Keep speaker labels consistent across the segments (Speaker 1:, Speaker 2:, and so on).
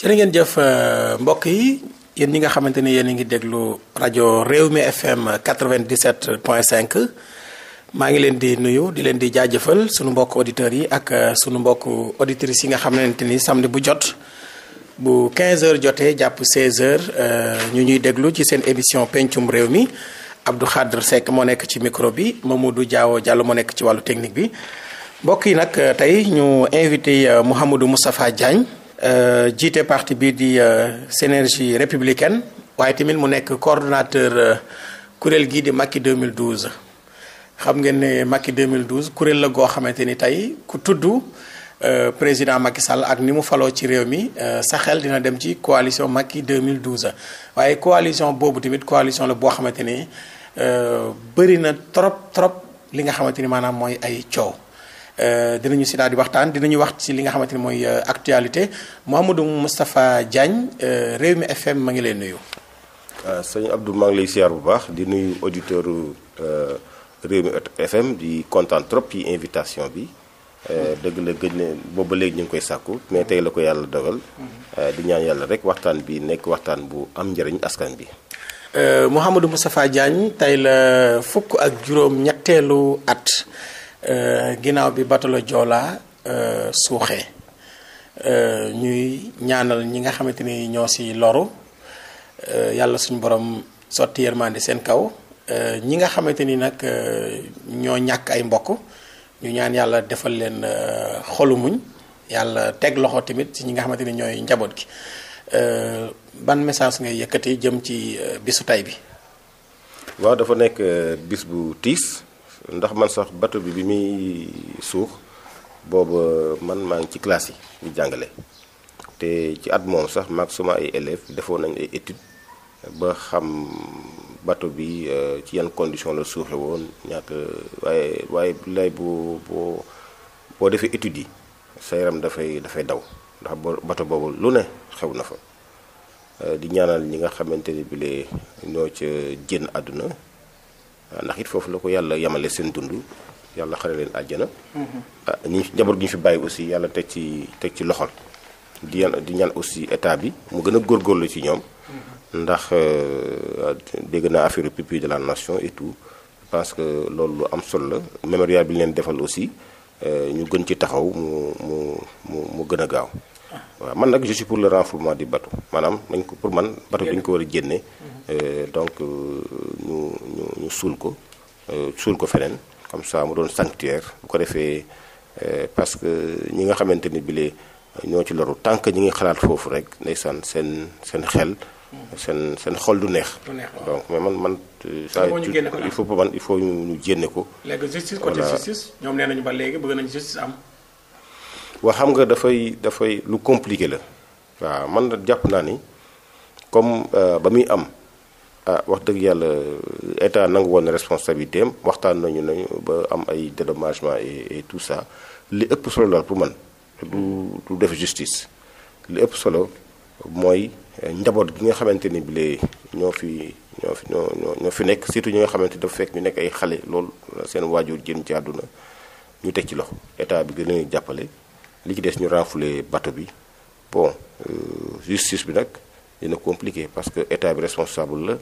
Speaker 1: jërë ngeen jëf euh, mbokk yi yéen ñi nga xamante ni yéen a ngi déglu rajo mi FM 97.5 maa ngi leen di nuyu di leen di jaajëfal suñu mbokk auditeurs yi ak euh, suñu mbokk auditrices yi nga xamante ni samedi bu jot bu 15h jotee jàpp 16h euh, ñu ñuy déglu ci seen émission pencum réew mi Abdou Khadre Seck moo nekk ci micro bi du Diawo Diallo moo nekk ci wàllu technique bi mbokk yi nag tey ñu invité Mouhamadou Moustapha Diagne. Euh, jiite parti bii di euh, Synergie républicain waaye tamit mu nekk coordonnateur euh, kuréel gii di Macky 2012 xam ngeen ne Macky 2012 kuréel la goo xamante ni tey ku tudd président Macky Sall ak ni mu faloo ci réew mi sa xel dina dem ci coalition Macky 2012 waaye coalition boobu tamit coalition la boo xamante ni bëri na trop trop li nga xamante ni maanaam mooy ay coow. Euh, dinañu si daal di waxtaan dinañu wax si li nga xamante ni mooy euh, actualité Mouhamadou Moustapha euh, réew mi FM ma ngi lay nuyu.
Speaker 2: sëñ Abdou maa ngi lay siyaar bu baax di nuyu auditeur mi FM di kontaan trop ci invitation bi. dëgg la gëj na booba léegi ñu ngi koy sàkku mais tey la ko yàlla dogal. Mm-hmm.
Speaker 1: di ñaan yàlla rek waxtaan bi nekk waxtaan bu am njëriñ askan bi. Mouhamadou Moustapha Diagne tey la fukk ak juróom ñetteelu at Euh, ginnaaw bi batalo Joola euh, suuxee euh, ñuy ñaanal ñi nga xamante ni ñoo si loru yàlla suñu borom sotti yërmande seen kaw ñi nga xamante ni nag ñoo ñàkk ay mbokk ñu ñaan yàlla defal leen xolu muñ yàlla teg loxo tamit ci ñi nga xamante ni ñooy njaboot gi ban message ngay yëkkati jëm ci bisu tey bi.
Speaker 2: waaw dafa nekk bis bu tiis. ndax man sax bateau bi bi muy suux booba euh, man maa ngi ci classe yi di jàngale te ci at moom sax maag suma ay élèves defoo nañ ay études ba xam bateau bi euh, ci yan condition la suuxee woon ñàkk euh, waaye waaye lay boo boo boo defee études yi sa yaram dafay dafay daw ndax bateau boobu lu ne xew na fa di ñaanal ñi nga xamante ni bile ñoo ca génn àdduna ndax it foofu la ko yàlla yemale seen dund yàlla xare leen àjjana. Mm-hmm. Ah, ñi njaboot gi ñu fi bàyyi aussi yàlla teg ci teg ci loxol. di di ñal aussi état bi mu gën a góorgóorlu ci ñoom. Mm-hmm. ndax euh, dégg na affaire pupille de la nation et tout je que loolu lu am solo la mémorial bi ñu leen defal aussi euh, ñu gën ci taxaw mu mu mu mu gën a gaaw. waaw man nag je pour le renflouement du bateau maanaam nañ ko pour man bateau bi ñu ko war a génne mhm. euh, donc euh, ñu ñu suul ko euh, suul ko feneen comme ça mu doon sanctuaire bu ko defee parce que ñi nga xamante ni bile ñoo ci loru tant que ñi ngi xalaat foofu rek ndeysaan seen seen xel mhm. seen seen xol du neex donc mais man man ça il faut ah. man il faut ñu génne ko léegi justice côté justice
Speaker 1: ñoom nee nañu ba léegi bëgg nañu justice am
Speaker 2: waa xam nga dafay dafay lu compliquer la waaw man na jàpp naa ni comme euh, ba muy am ah wax dëgg yàlla état nangu woon responsabilité am waxtaan nañu nañu ba am ay dédommagement et et tout li ëpp solo la pour man du du def justice li ëpp solo mooy euh, njaboot gi nga xamante ni bi ñoo fi ñoo fi ñoo ñoo fi nekk surtout ñi nga xamante dafa fekk ñu nekk ay xale lool seen waajur jëm ci àdduna ñu te ci loxo état bi gën a jàppale li ci des ñu rafulé bateau bi bon euh, justice bi nag dina compliqué parce que état bi responsable la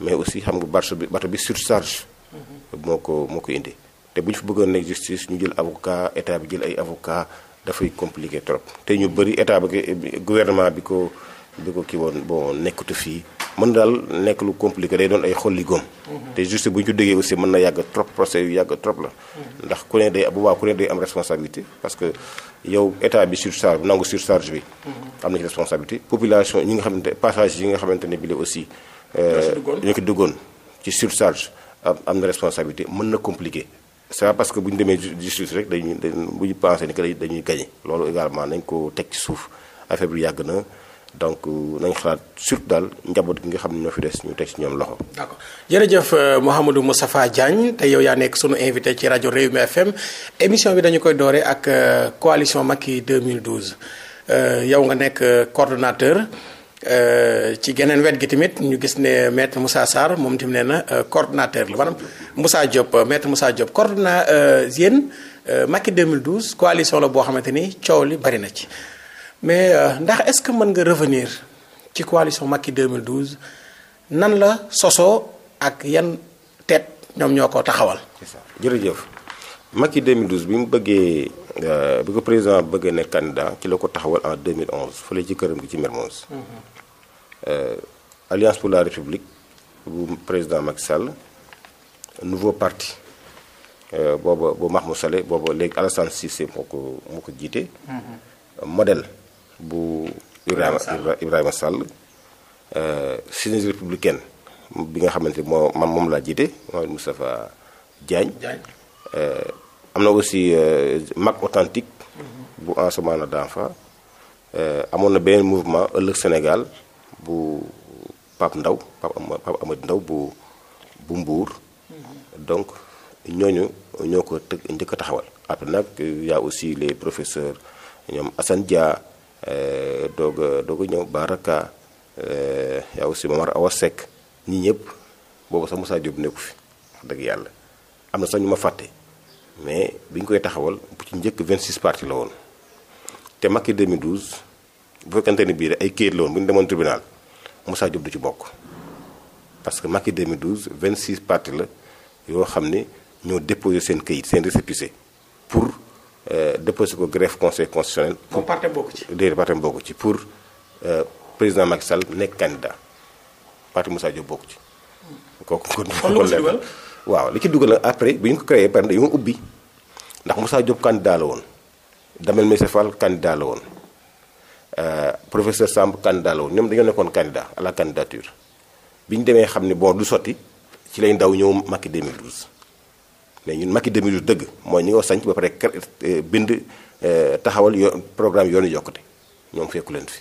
Speaker 2: mais aussi xam nga barche bi bateau bi surcharge. Mm-hmm. moo ko moo ko indi. te bu ñu fa bëggoon nekk justice ñu jël avocat état bi jël ay avocat dafay compliqué trop te ñu bëri état bi gouvernement bi ko bi ko kii woon bon nekkatu fii. mën daal nekk lu compliqué day doon ay xolli góom. Mhm. te juste bu ñu ko aussi mën na yàgg trop procès yu yàgg trop la. Mhm. ndax ku ne day bu baax ku ne day am responsabilité parce que yow état bi surcharge nangu surcharge bi. Mhm. am na ci responsabilité population ñi nga xamante passagers yi nga xamante ne bii aussi. Euh, ñu ko duggoon ci surcharge am na responsabilité mën na compliqué. c'est parce que bu ñu demee justice rek dañuy bu ñu pensé ni que dañuy gagné loolu également nañ ko teg ci suuf affaire bi yàgg na. donc euh, nañ xalaat surtout daal njaboot gi xam ne ñoo fi des ñu teg ci ñoom loxo. d'accord
Speaker 1: jërëjëf euh, Mouhamadou Moustapha Diagne te yow yaa nekk suñu invité ci rajo Rewmi FM émission bi dañu koy doore ak euh, coalition Macky 2012 yow nga nekk coordonnateur. ci geneen wet gi tamit ñu gis ne maître Moussa Sarr moom tamit nee na coordonnateur la maanaam Moussa Diop maître Moussa Diop coordonnateur yéen Macky 2012 coalition la boo xamante ni coow li bari na ci. mais euh, ndax est-ce que mën nga revenir ci coalition Macky 2012 nan la sosoo ak yan teet ñoom ñoo ko taxawal.
Speaker 2: jërëjëf Macky 2012 bi mu bëggee euh, bi ko président bëggee nekk candidat ci la ko taxawal en 2011 fële ci këram gi ci Mermoz. Mm-hmm. Euh, Alliance pour la République bu président Macky Sall nouveau parti. booba bu Mahmoud Saleh booba léegi Alassane Cissé moo ko moo ko jiite. Mm-hmm. modèle. bu Ibrahima Ibrahima Sall Synergie euh, républicaine bi nga xamante moo man moom laa jiite Mouhamed Moustapha
Speaker 1: euh,
Speaker 2: am na aussi euh, Mag authentique bu Ansoumana Danfa amoon na beneen mouvement ëllëg Sénégal bu Pape Ndaw Pape Amady Ndaw bu bu Mbour mhm. donc ñooñu ñoo ko të njëkk taxawal après nag aussi les professeurs ñoom Assane Dia Eh, doog a doog a ñëw Baraka eh, yaa aussi Momar Awa Seck ñii ñëpp boobu sax Moussa Diop nekku fi wax dëgg yàlla am na sax ñu ma fàtte mais bi ñu koy taxawal bu ci njëkk vingt 26 parti la woon te i Macky douze bu fekkante ni bii ay kayit la bu ñu demoon tribunal Moussa Diop du ci bokk parce que i demi Macky 2012 26 parti la yoo xam ne ñoo déposé seen kayit seen récépissé pour. Euh, déposé ko greffe conseil constitutionnel. moom partem bokku ci. déedéet partem bokku ci pour euh, président Macky Sall nekk candidat parti Moussa Diop bokk ci. Hmm. kooku waaw li ci dugal nag après bi ñu ko créé par dañoo ubbi ndax Moussa Diop candidat la woon Damel Moussa Fall candidat la woon euh, professeur Samb candidat la woon ñoom dañoo nekkoon candidat à la candidature bi ñu demee xam ni boo du sotti ci lay ndaw ñëw Macky 2012. mais ñun Macky 2012 dëgg mooy ñi nga sanc ba pare eh, bind eh, taxawal yo programme yoonu yokkute ñoom fekku leen fi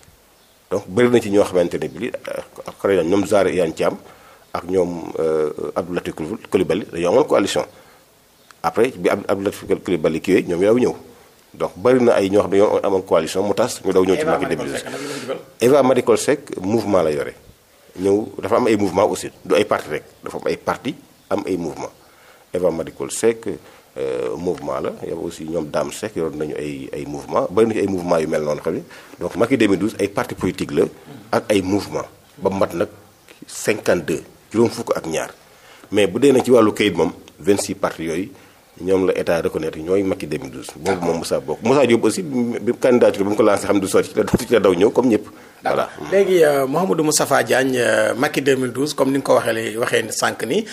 Speaker 2: donc bëri na ci ñoo xamante ne bii xëy eh, na ñoom Zahra Iyane Thiam ak ñoom Abdou Latif Coulibaly dañoo amoon coalition après bi Abdou Latif Coulibaly kii ñoom yaaw ñëw donc bëri na ay ñoo xam ne ñoo amoon coalition mu tas ñu daw ñëw ci Macky 2012 Eva Marie Coll mouvement la yore ñëw dafa am ay mouvement aussi du ay parti rek dafa am ay parti am ay mouvement Eva Madikol Seck euh, mouvement la yow aussi ñoom Dame Seck yoroon nañu ay ay mouvement bëri nañu ay mouvement mel noonu xam ne donc Macky 2012 parti politique la ak ay mouvement ba mat nag 52 juróom fukk ak ñaar mais bu dee na ci wàllu kayit moom 26 parti yooyu ñoom la état reconnaître ñooy Macky 2012 boobu moom Moussa bokk Moussa Diop aussi bi candidature bi mu ko lancé xam du sotti ci la daw ñëw comme ñëpp
Speaker 1: voilà léegi euh, Mouhamadou Moustapha Diagne euh, Macky 2012 comme ni nga ko waxee waxee sànq ni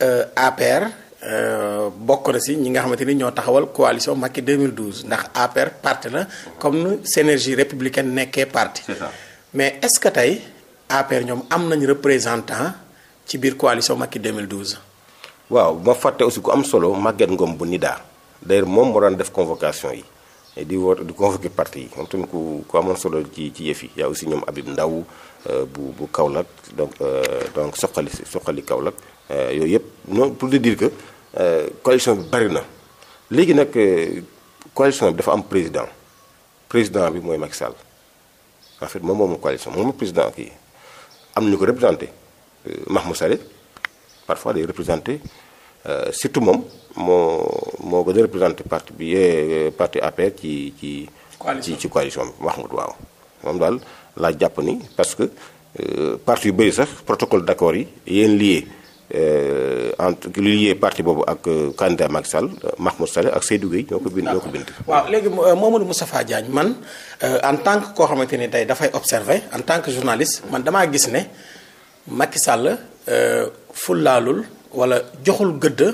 Speaker 1: Euh, APR euh, bokk na si ñi nga xamante ni ñoo taxawal coalition Macky 2012 ndax APR parti la comme Synergie républicaine nekkee parti. mais est ce que tey APR ñoom am nañ représentant ci biir coalition Macky 2012. waaw ma fàtte aussi ku am solo màgget ngoom bu Nida d'ailleurs moom moo
Speaker 2: daan def convocation yi. di woote di convoqué parti yi moom ku ku amoon solo ci ci yëf yi yaa aussi ñoom Habib Ndaw euh, bu bu Kaolack donc donc soqali soqali Kaolack Euh, yooyu yëpp non pour te dire que euh, coalition bi bari na léegi nag euh, coalition bi dafa am président président bi mooy Macky Sall en fait moom moomu coalition moom président kii am na ñu ko représenté Mahmoud Saleh parfois day représenté surtout moom moo moo gën a représenté parti bi parti APR ci ci. ci ci coalition bi Mahmoud waaw. moom daal laa jàpp ni parce que parti yu bëri sax protocole d'accord yi yéen lii Euh, entre li lié partie boobu ak euh, candidat Macky Sall euh, Mahmoud Saleh ak Seydou Gueye ñoo ko bind ñoo ko bind.
Speaker 1: waaw léegi Mamadou Moustapha Diagne man en tant que koo xamante ni tey dafay observer en tant que journaliste man damaa gis ne Macky Sall fullaalul wala joxul gëdd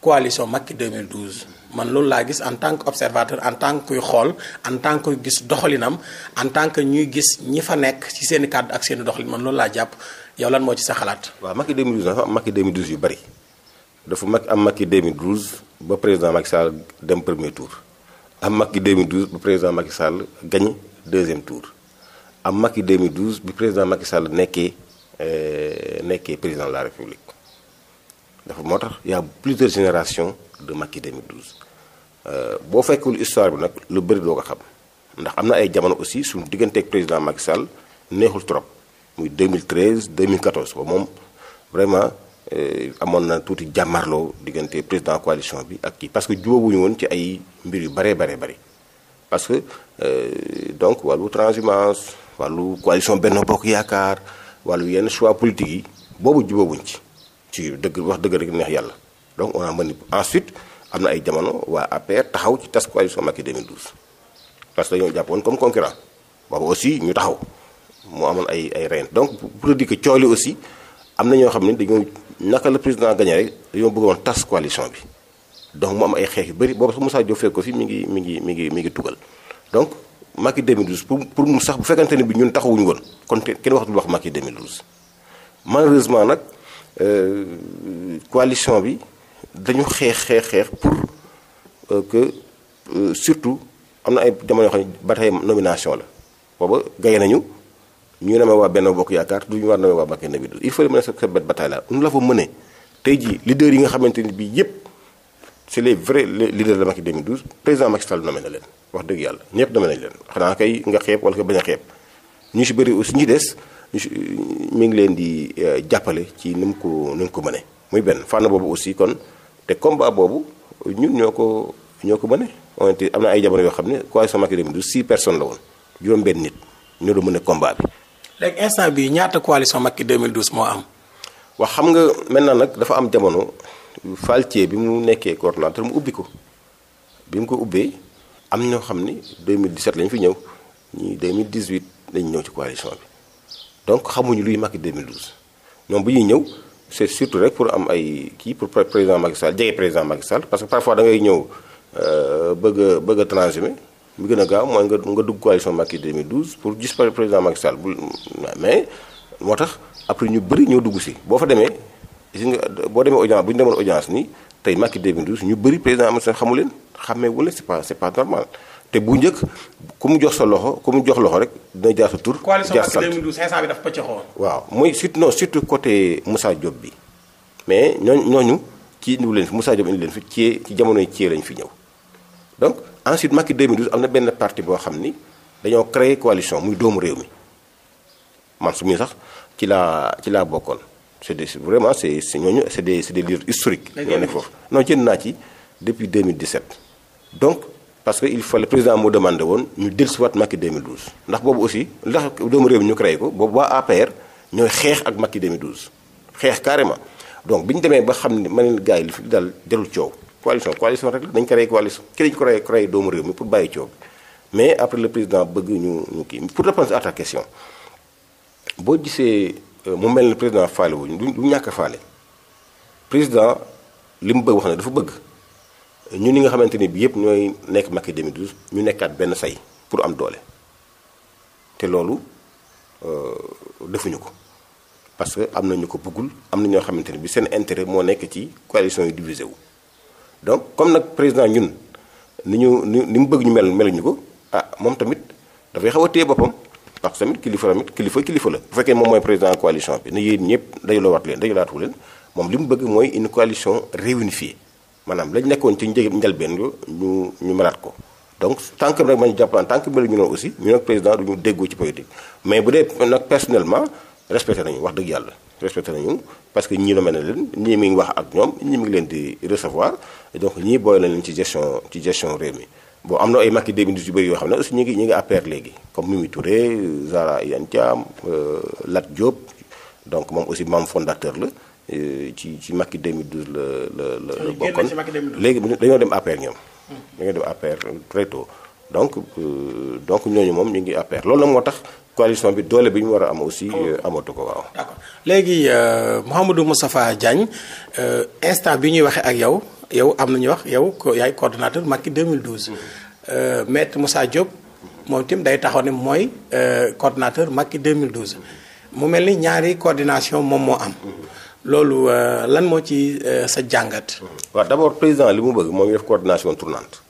Speaker 1: coalition Macky 2012. man loolu laa gis en tant que observateur en tant que kuy xool en tant que gis doxalinam en tant que ñuy gis ñi fa nekk ci seen i kàddu ak seen i doxalin man loolu laa jàpp yow lan moo ci sa xalaat. waaw Macky 2012 dafa am Macky 2012 yu bari dafa mag am Macky 2012
Speaker 2: ba président Macky Sall dem premier tour am Macky 2012 ba président Macky Sall gañ deuxième tour am Macky 2012 bi président Macky Sall nekkee euh, nekkee président de la République dafa moo tax y a plusieurs générations de Macky 2012 euh, boo fekkul histoire bi nag lu bëri doo ko xam ndax am na ay jamono aussi suñu digganteeg président Macky Sall neexul trop. muy mil 2013 2014 ba moom vraiment euh, amoon na tuuti jàmmarloo diggante président coalition bi ak kii parce que jubóobuñu woon ci ay mbir yu baree baree bëri parce que euh, donc wàllu transhumance wàllu coalition benn Bokk Yaakaar wàllu yenn choix politique yi boobu jubóobuñ ci ci dëgg wax dëgg rek neex yàlla donc on a mën ensuite am na ay jamono waa APR taxaw ci tas coalition Macky 2012 parce que dañoo jàpp woon comme concurrent boobu aussi ñu taxaw moo amoon ay ay reen donc pour dire que coow li aussi am na ñoo xam ne dañoo naka la président gagné rek dañoo bëggoon tas coalition bi donc mu am ay xeex yu bëri boobu sax Moussa Diop fekk mi ngi mi ngi mi ngi mi ngi tugal donc Macky 2012 pour pour mu sax bu fekkante ne bi ñun taxawuñu woon kon kenn waxatul wax Macky 2012 malheureusement nag euh, coalition bi dañu xeex xeex xeex pour euh, euh, surtout am na ay jamono yoo xam ne ba tey nomination la booba gaye nañu. ñu namee waa benn Bokk Yaakaar du ñu war namee waa Macky Nabi il faut mener cette bataille-là nous l'avons menée tey jii leaders yi nga xamante ni bii yëpp c'est les vrais leaders de Macky 2012 président Macky Sall nommé na leen wax dëgg yàlla ñëpp nommé nañu leen xanaa kay nga xeeb wala ko bañ a ñu si bëri aussi ñi des mi ngi leen di euh, jàppale ci ni ko ni ko mëne muy benn fànn boobu aussi kon te combat boobu ñun ñoo ko ñoo ko mëne on am na ay jamono yoo xam ne coalition Macky 2012 six personnes la woon juróom-benn nit ñoo doon mën a combat bi
Speaker 1: léegi instant bii ñaata coalition Macky 2012 moo am. wax xam nga
Speaker 2: maintenant nag dafa am jamono Faltier bi mu nekkee coordonnateur mu ubbi ko bi mu ko ubbee am ñoo xam ni 2017 lañ fi ñëw ñii 2018 lañ ñëw ci coalition bi donc xamuñu luy Macky 2012 ñoom bu ñuy ñëw c'est surtout rek pour am ay kii pour président Macky Sall jege président Macky Sall parce que parfois da ngay ñëw euh, bëgg a bëgg a transhumé. mu gën a gaaw mooy nga nga dugg coalition Macky 2012 pour gis par président Macky Sall bu mais moo tax après ñu bëri ñoo dugg si boo fa demee nga boo demee audience bu ñu demoon audience nii tey Macky 2012 ñu bëri président Amadou Sall xamu leen xàmmee wu leen c'est pas normal te bu njëkk ku mu jox sa loxo ku mu jox loxo rek dina jaar sa tur. jaar sant coalition Macky
Speaker 1: 2012 500
Speaker 2: waaw mooy surtout non surtout côté Moussa Diop bi mais ñooñu ñooñu ci indiwu leen fi Moussa Diop indi leen fi ci ci jamonoy Thiel lañ fi ñëw ensuite Macky 2012 am na benn parti boo xam ni dañoo créer coalition muy doomu réew mi man su sax ci laa ci laa bokkoon c' est vraiment c' est c' est ñooñu c' est des c' est des livres historiques. ñoo ne foofu non jënd naa ci depuis donc parce que il faut le président moo demandé woon ñu dellusiwaat Macky 2012 ndax boobu aussi ndax doomu réew mi ñu créé ko boobu waa APR ñooy xeex ak Macky 2012 xeex carrément donc bi ñu demee ba xam ni ma ne leen gars yi li fi dal jarul coow. coalition coalition rek dañ ko rey coalition ki dañ ko rey ko rey doomu réew mi pour bàyyi coow mais après le président bëgg ñu ñu kii pour répondre à ta question boo gisee euh, mu mel na président faale ñu du ñàkk a faale président li mu bëgg wax ne dafa bëgg ñun ni nga xamante ni bi yëpp ñooy nekk Macky 2012 ñu nekkaat benn say pour am doole te loolu euh, defuñu ko parce que am na ñu ko bëggul am na ñoo xamante ne bi seen intérêt moo nekk ci coalition yu divisé wu donc comme nag président ñun ni ñu ni mu bëgg ñu mel meluñu ko ah moom tamit dafay xaw a téye boppam parce que tamit kilifa tamit kilifa kilifa la. bu fekkee moom mooy président coalition bi ne yéen ñëpp dajaloo waat leen dajalaatu leen moom li mu bëgg mooy une coalition réunifiée maanaam lañ nekkoon ci një njëlbeen yo ñu ñu melaat ko. donc tant que nag ma ñu jàppalaan tant que melu ñu noonu aussi ñu nag président du ñu déggoo ci politique mais bu dee nag personnellement wax dëgg yàlla respecté nañu parce que ñii la mel ne leen ñii mi ngi wax ak ñoom ñii mi ngi leen di recevoir. donc ñii booy nañ leen ci gestion ci gestion réew mi am na ay Macky 2012 yu bëri yoo xam ne aussi ñu ngi ñu ngi APR léegi comme Mimi Touré Zahra Iyane Thiam euh, Lat Diop donc moom aussi membre fondateur la euh, ci ci Macky 2012 la la la bokkoon léegi dañoo dem APR ñoom. dañoo dem APR très tôt donc euh, donc ñooñu moom ñu ngi APR loolu na moo tax. coalition bi doole bi ñu war a am aussi oh. amatu ko waaw. d'accord
Speaker 1: léegi Mouhamadou Moustapha Diagne instant bi ñuy waxee ak yow. yow am na ñuy wax yow yaay coordonnateur Macky 2012. Euh, maître Moussa Diop moom itam day taxaw ne mooy euh, coordonnateur Macky 2012. mu mel ni ñaari coordination moom moo am. loolu euh, lan moo ci sa jàngat.
Speaker 2: waaw d'abord président li mu bëgg moom ñu def coordination tournante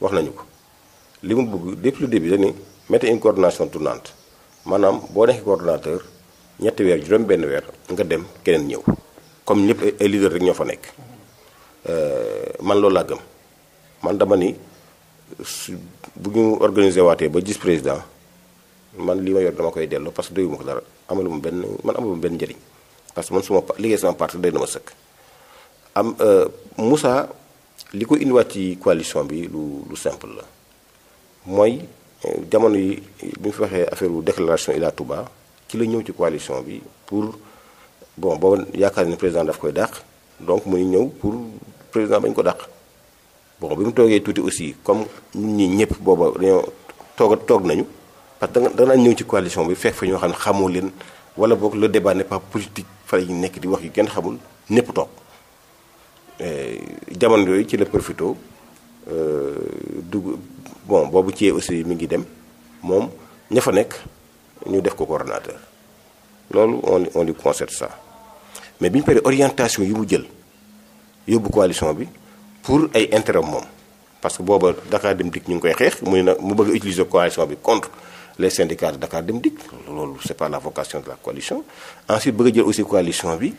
Speaker 2: wax nañu ko li mu bëgg depuis le début dañuy mettre une coordination tournante maanaam boo nekkee coordonnateur ñetti weer juróom benn weer nga dem keneen ñëw comme ñëpp ay leader rek ñoo fa nekk. Euh, man loolu laa gëm man dama ni su bu ñu organisé waatee ba gis président man li ma yor dama koy delloo parce que doyuma ko dara amalu ma benn man amaluma benn njariñ parce que man suma liggéey sama parti day na ma sëkk. am euh, Moussa li ko indiwaat ci coalition bi lu lu simple la mooy euh, jamono yi bu ñu fi waxee affaire wu déclaration Ila Touba ci la ñëw ci coalition bi pour bon booba yaakaar ne président daf koy dàq donc muy ñëw président bañ ko dàq bon bi mu toogee tuuti aussi comme ñun ñii ñëpp booba dañoo toog toog nañu parce que danañ ñëw ci coalition bi fekk fa ñoo xam ne xamoo leen wala boog le débat n'est pas politique fa la nekk di wax yu kenn xamul ñëpp toog jamono yooyu ci la profito euh, dugg bon boobu ci aussi mi ngi dem moom ña fa nekk ñu def ko coordonnateur loolu on on lui concerne ça mais bi ñu paree orientation yi mu jël. yóbbu coalition bi pour ay intérêt moom parce que booba Dakar Dem Dikk ñu ngi koy xeex mu ne mu bëgg a utiliser coalition bi contre les syndicats de Dakar Dem Dikk loolu c'est pas la vocation de la coalition ensuite bëgg jël aussi coalition bi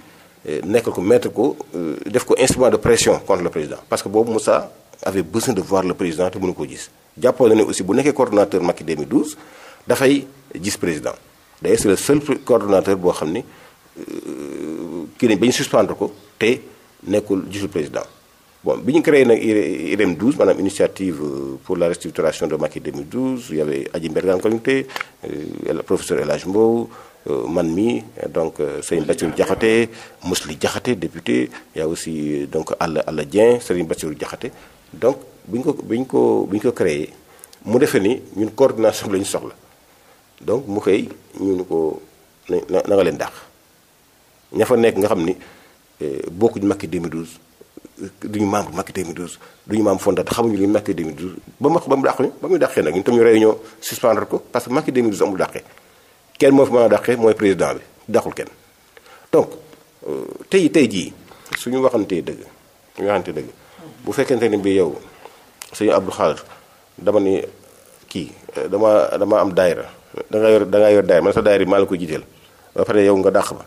Speaker 2: euh, nekk ko mettre ko euh, def ko instrument de pression contre le président parce que boobu Moussa avait besoin de voir le président te mënu ko gis jàppoo na ne aussi bu nekkee coordonnateur Macky 2012 dafay gis président d'ailleurs c'est le boo xam ne euh, kii nañ ba ñu te nekkul gisul président bon bi ñu créé nag IREM e 12 maanaam initiative euh, pour la restructuration de Macky 2012 y avait Adji Mbergane Kanouté euh, professeur El Hadj Mbow euh, man mi donc Serigne Bassirou Diakhaté Mously Diakhaté député y a aussi donc Alla Alla Dieng Serigne Bassirou jaxate donc bi ñu ko bi ñu ko bi ñu ko créé mu defee ni ñun coordination la ñu soxla donc mu xëy ñu ni ko na na nga leen dàq ña fa nekk nga xam ni Eh, bokkuñu Macky 2012 duñu membre Macky 2012 duñu membre fondateur xamuñu li Macky 2012 ba ma ba mu dàq ñu ba mu dàqee nag ñun tam ñu réunion suspendre ko parce que Macky 2012 amul dàqee kenn moo fi mën a dàqee mooy président bi dàqul kenn donc euh, tey tey jii suñu waxantee dëgg suñu waxantee dëgg bu fekkente ne bi yow suñu Abdou Khadre dama ni kii eh, dama dama am daayira da nga yor da nga yor daayira man sa daayira bi maa la ko jiiteel ba pare yow nga daq ba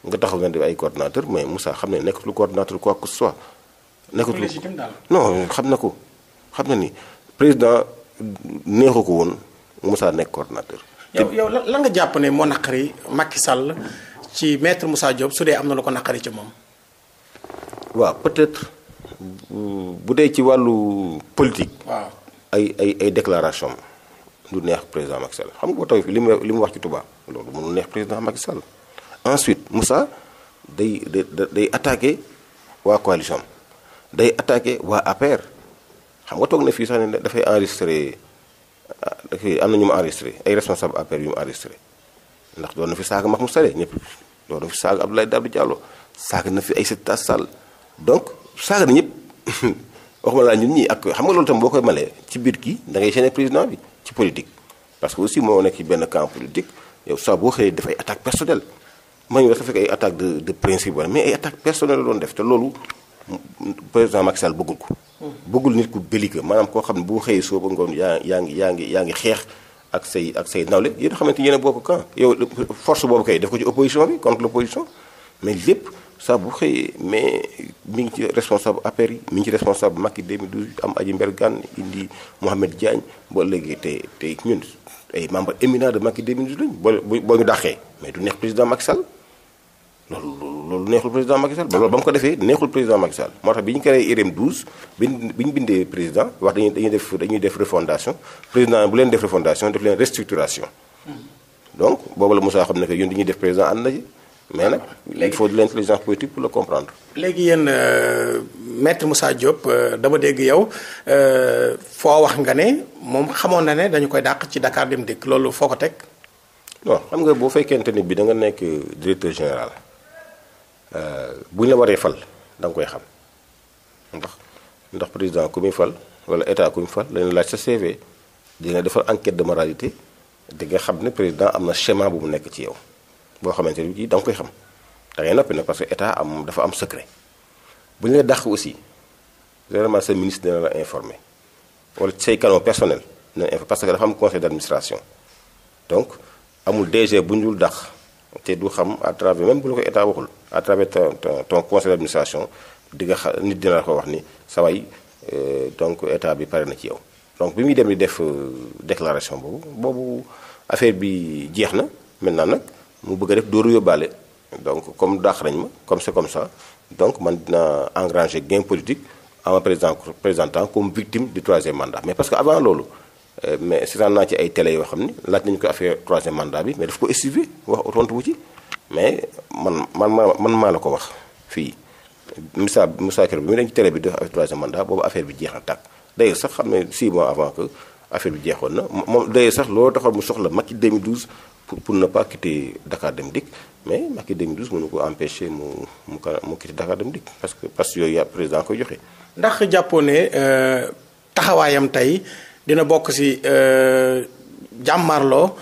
Speaker 2: nga taxaw nga def ay coordonnateur mais musa xam ne nekkatul coordonnateur quoi que ce soit. nekkatul non xam na ko xam na ni président neexu ko woon Moussa nekk coordonnateur.
Speaker 1: yow yow lan nga jàpp ne moo naqari Macky Sall ci maître Moussa Diop su dee am na lu ko naqari ci moom.
Speaker 2: waaw peut-être bu dee ci wàllu politique. waaw ay ay ay déclaration lu neex président Macky Sall xam nga boo li mu li mu wax ci tubaab loolu mënul neex président Macky Sall. ensuite Moussa day day attaque waa coalition day attaque waa APR xam nga toog na fii sax ne dafay enregistré dafay am na ñu mu enregistré ay responsable APR yu mu enregistré ndax doon na fi saaga Mahmoud Saleh ñëpp doon na fi saaga Abdoulaye Daouda Diallo saaga na fi Aïssata Tall Sall donc saaga na ñëpp waxuma laa ñun ñii ak xam nga loolu tam boo koy malee ci biir kii da ngay gêner président bi ci politique parce que aussi moo nekk ci benn camp politique yow saa boo xëyee dafay attaque personnelle maa ngi dafa attaque de de principe wala mais ay attaque personnelle la doon def te loolu président Macky Sall ko. bëggul nit ku belliqueux maanaam koo xam ne bu xëyee soo ba yaa yaa ngi yaa ngi yaa ngi xeex ak say ak say nawle yéen a xamante ne yéen a bokk camp boobu kay def ko ci bi contre l' opposition mais lépp. saa bu xëyee mais mi ngi ci responsable APR yi mi ngi ci responsable Macky 2012 am aji mbergan indi Mouhamed Diagne ba léegi te te ñun ay membre éminent de Macky 2012 lañ boo boo ñu dàqee mais du neex président Macky loolu loolu neexul président Macky Sall loolu ba mu ko defee neexul président Macky Sall moo tax bi ñu créé IREM bi ñu bindee président wax dañu dañuy def dañuy def refondation président bu leen def refondation def leen restructuration donc boobu la Moussa xam ne que yéen dañuy def président ànd na ji mais nag il faut de l'intelligence politique pour le comprendre.
Speaker 1: léegi yéen euh, maître Moussa Diop euh, dama dégg yow euh, foo wax nga ne moom xamoon na ne dañu koy dàq ci Dakar Dem Dikk loolu foo ko teg. non xam nga boo fekkente ni bi da nga nekk directeur général. Euh,
Speaker 2: bu ñu la waree fal da nga koy xam ndax ndax président ku fal wala état ku muy fal dañu laaj sa CV di defal enquête de moralité di nga xam ne président am na schéma bu mu nekk ci yow boo xamante ni bii da nga koy xam da ngay noppi nag parce que état am dafa am secret bu ñu la dàq aussi généralement sa ministre dina la informé wala say canon personnel dina la parce que dafa am conseil d' donc amul DG bu ñu dul dàq. te du xam à travers même bu la ko état waxul à ton ton conseil d' administration di nga xa nit dina la ko wax ni saway way euh, donc état bi pare na ci yow. donc bi muy dem di def euh, déclaration boobu boobu affaire bi jeex na maintenant nag mu bëgg a def dóoru yóbbaale donc comme dàq nañ ma comme c'est comme ça donc man dina engranger gain politique en ma présentant comme victime du troisième mandat mais parce que avant loolu. Euh, mais seetaan naa ci ay télé yoo xam ne laaj nañu ko affaire troisième mandat bi mais daf mais man man maa man maa la ko wax fii Moussa Moussa Kër bi mu dem bi def affaire troisième mandat boobu affaire bi jeex na tàkk d'ailleurs sax xam ne six mois avant que affaire bi jeexoon na moom d'ailleurs sax loolu taxoon mu pour pour ne pas quitter mais Macky 2012 mënu ko empêcher mu mu mu quitter Dakar Dem Dikk parce que parce que yooyu président koy joxe.
Speaker 1: ndax jàppoo ne euh, taxawaayam tey. dina bokk si euh, jàmmarloo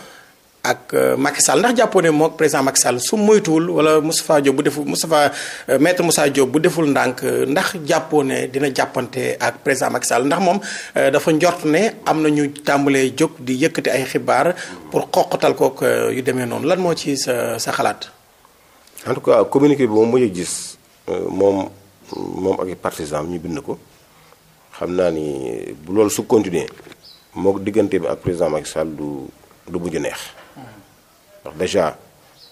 Speaker 1: ak euh, Macky Sall ndax jàppoo ne moog président Macky Sall su moytuwul wala Moustapha Diop bu deful Moustapha euh, maître Moussa Diop bu deful ndànk ndax jàppoo ne dina jàppante ak président Macky ndax moom dafa njort ne am na ñu tàmbalee jóg di yëkkati ay xibaar pour xoqatal kook yu demee noonu lan moo ci sa xalaat.
Speaker 2: en tout cas communiqué bi moom mu gis moom ak i partisans ñu bind ko. xam naa ni bu loolu su continuer moo diggante bi ak président Macky Sall du du mujj neex ndax déjà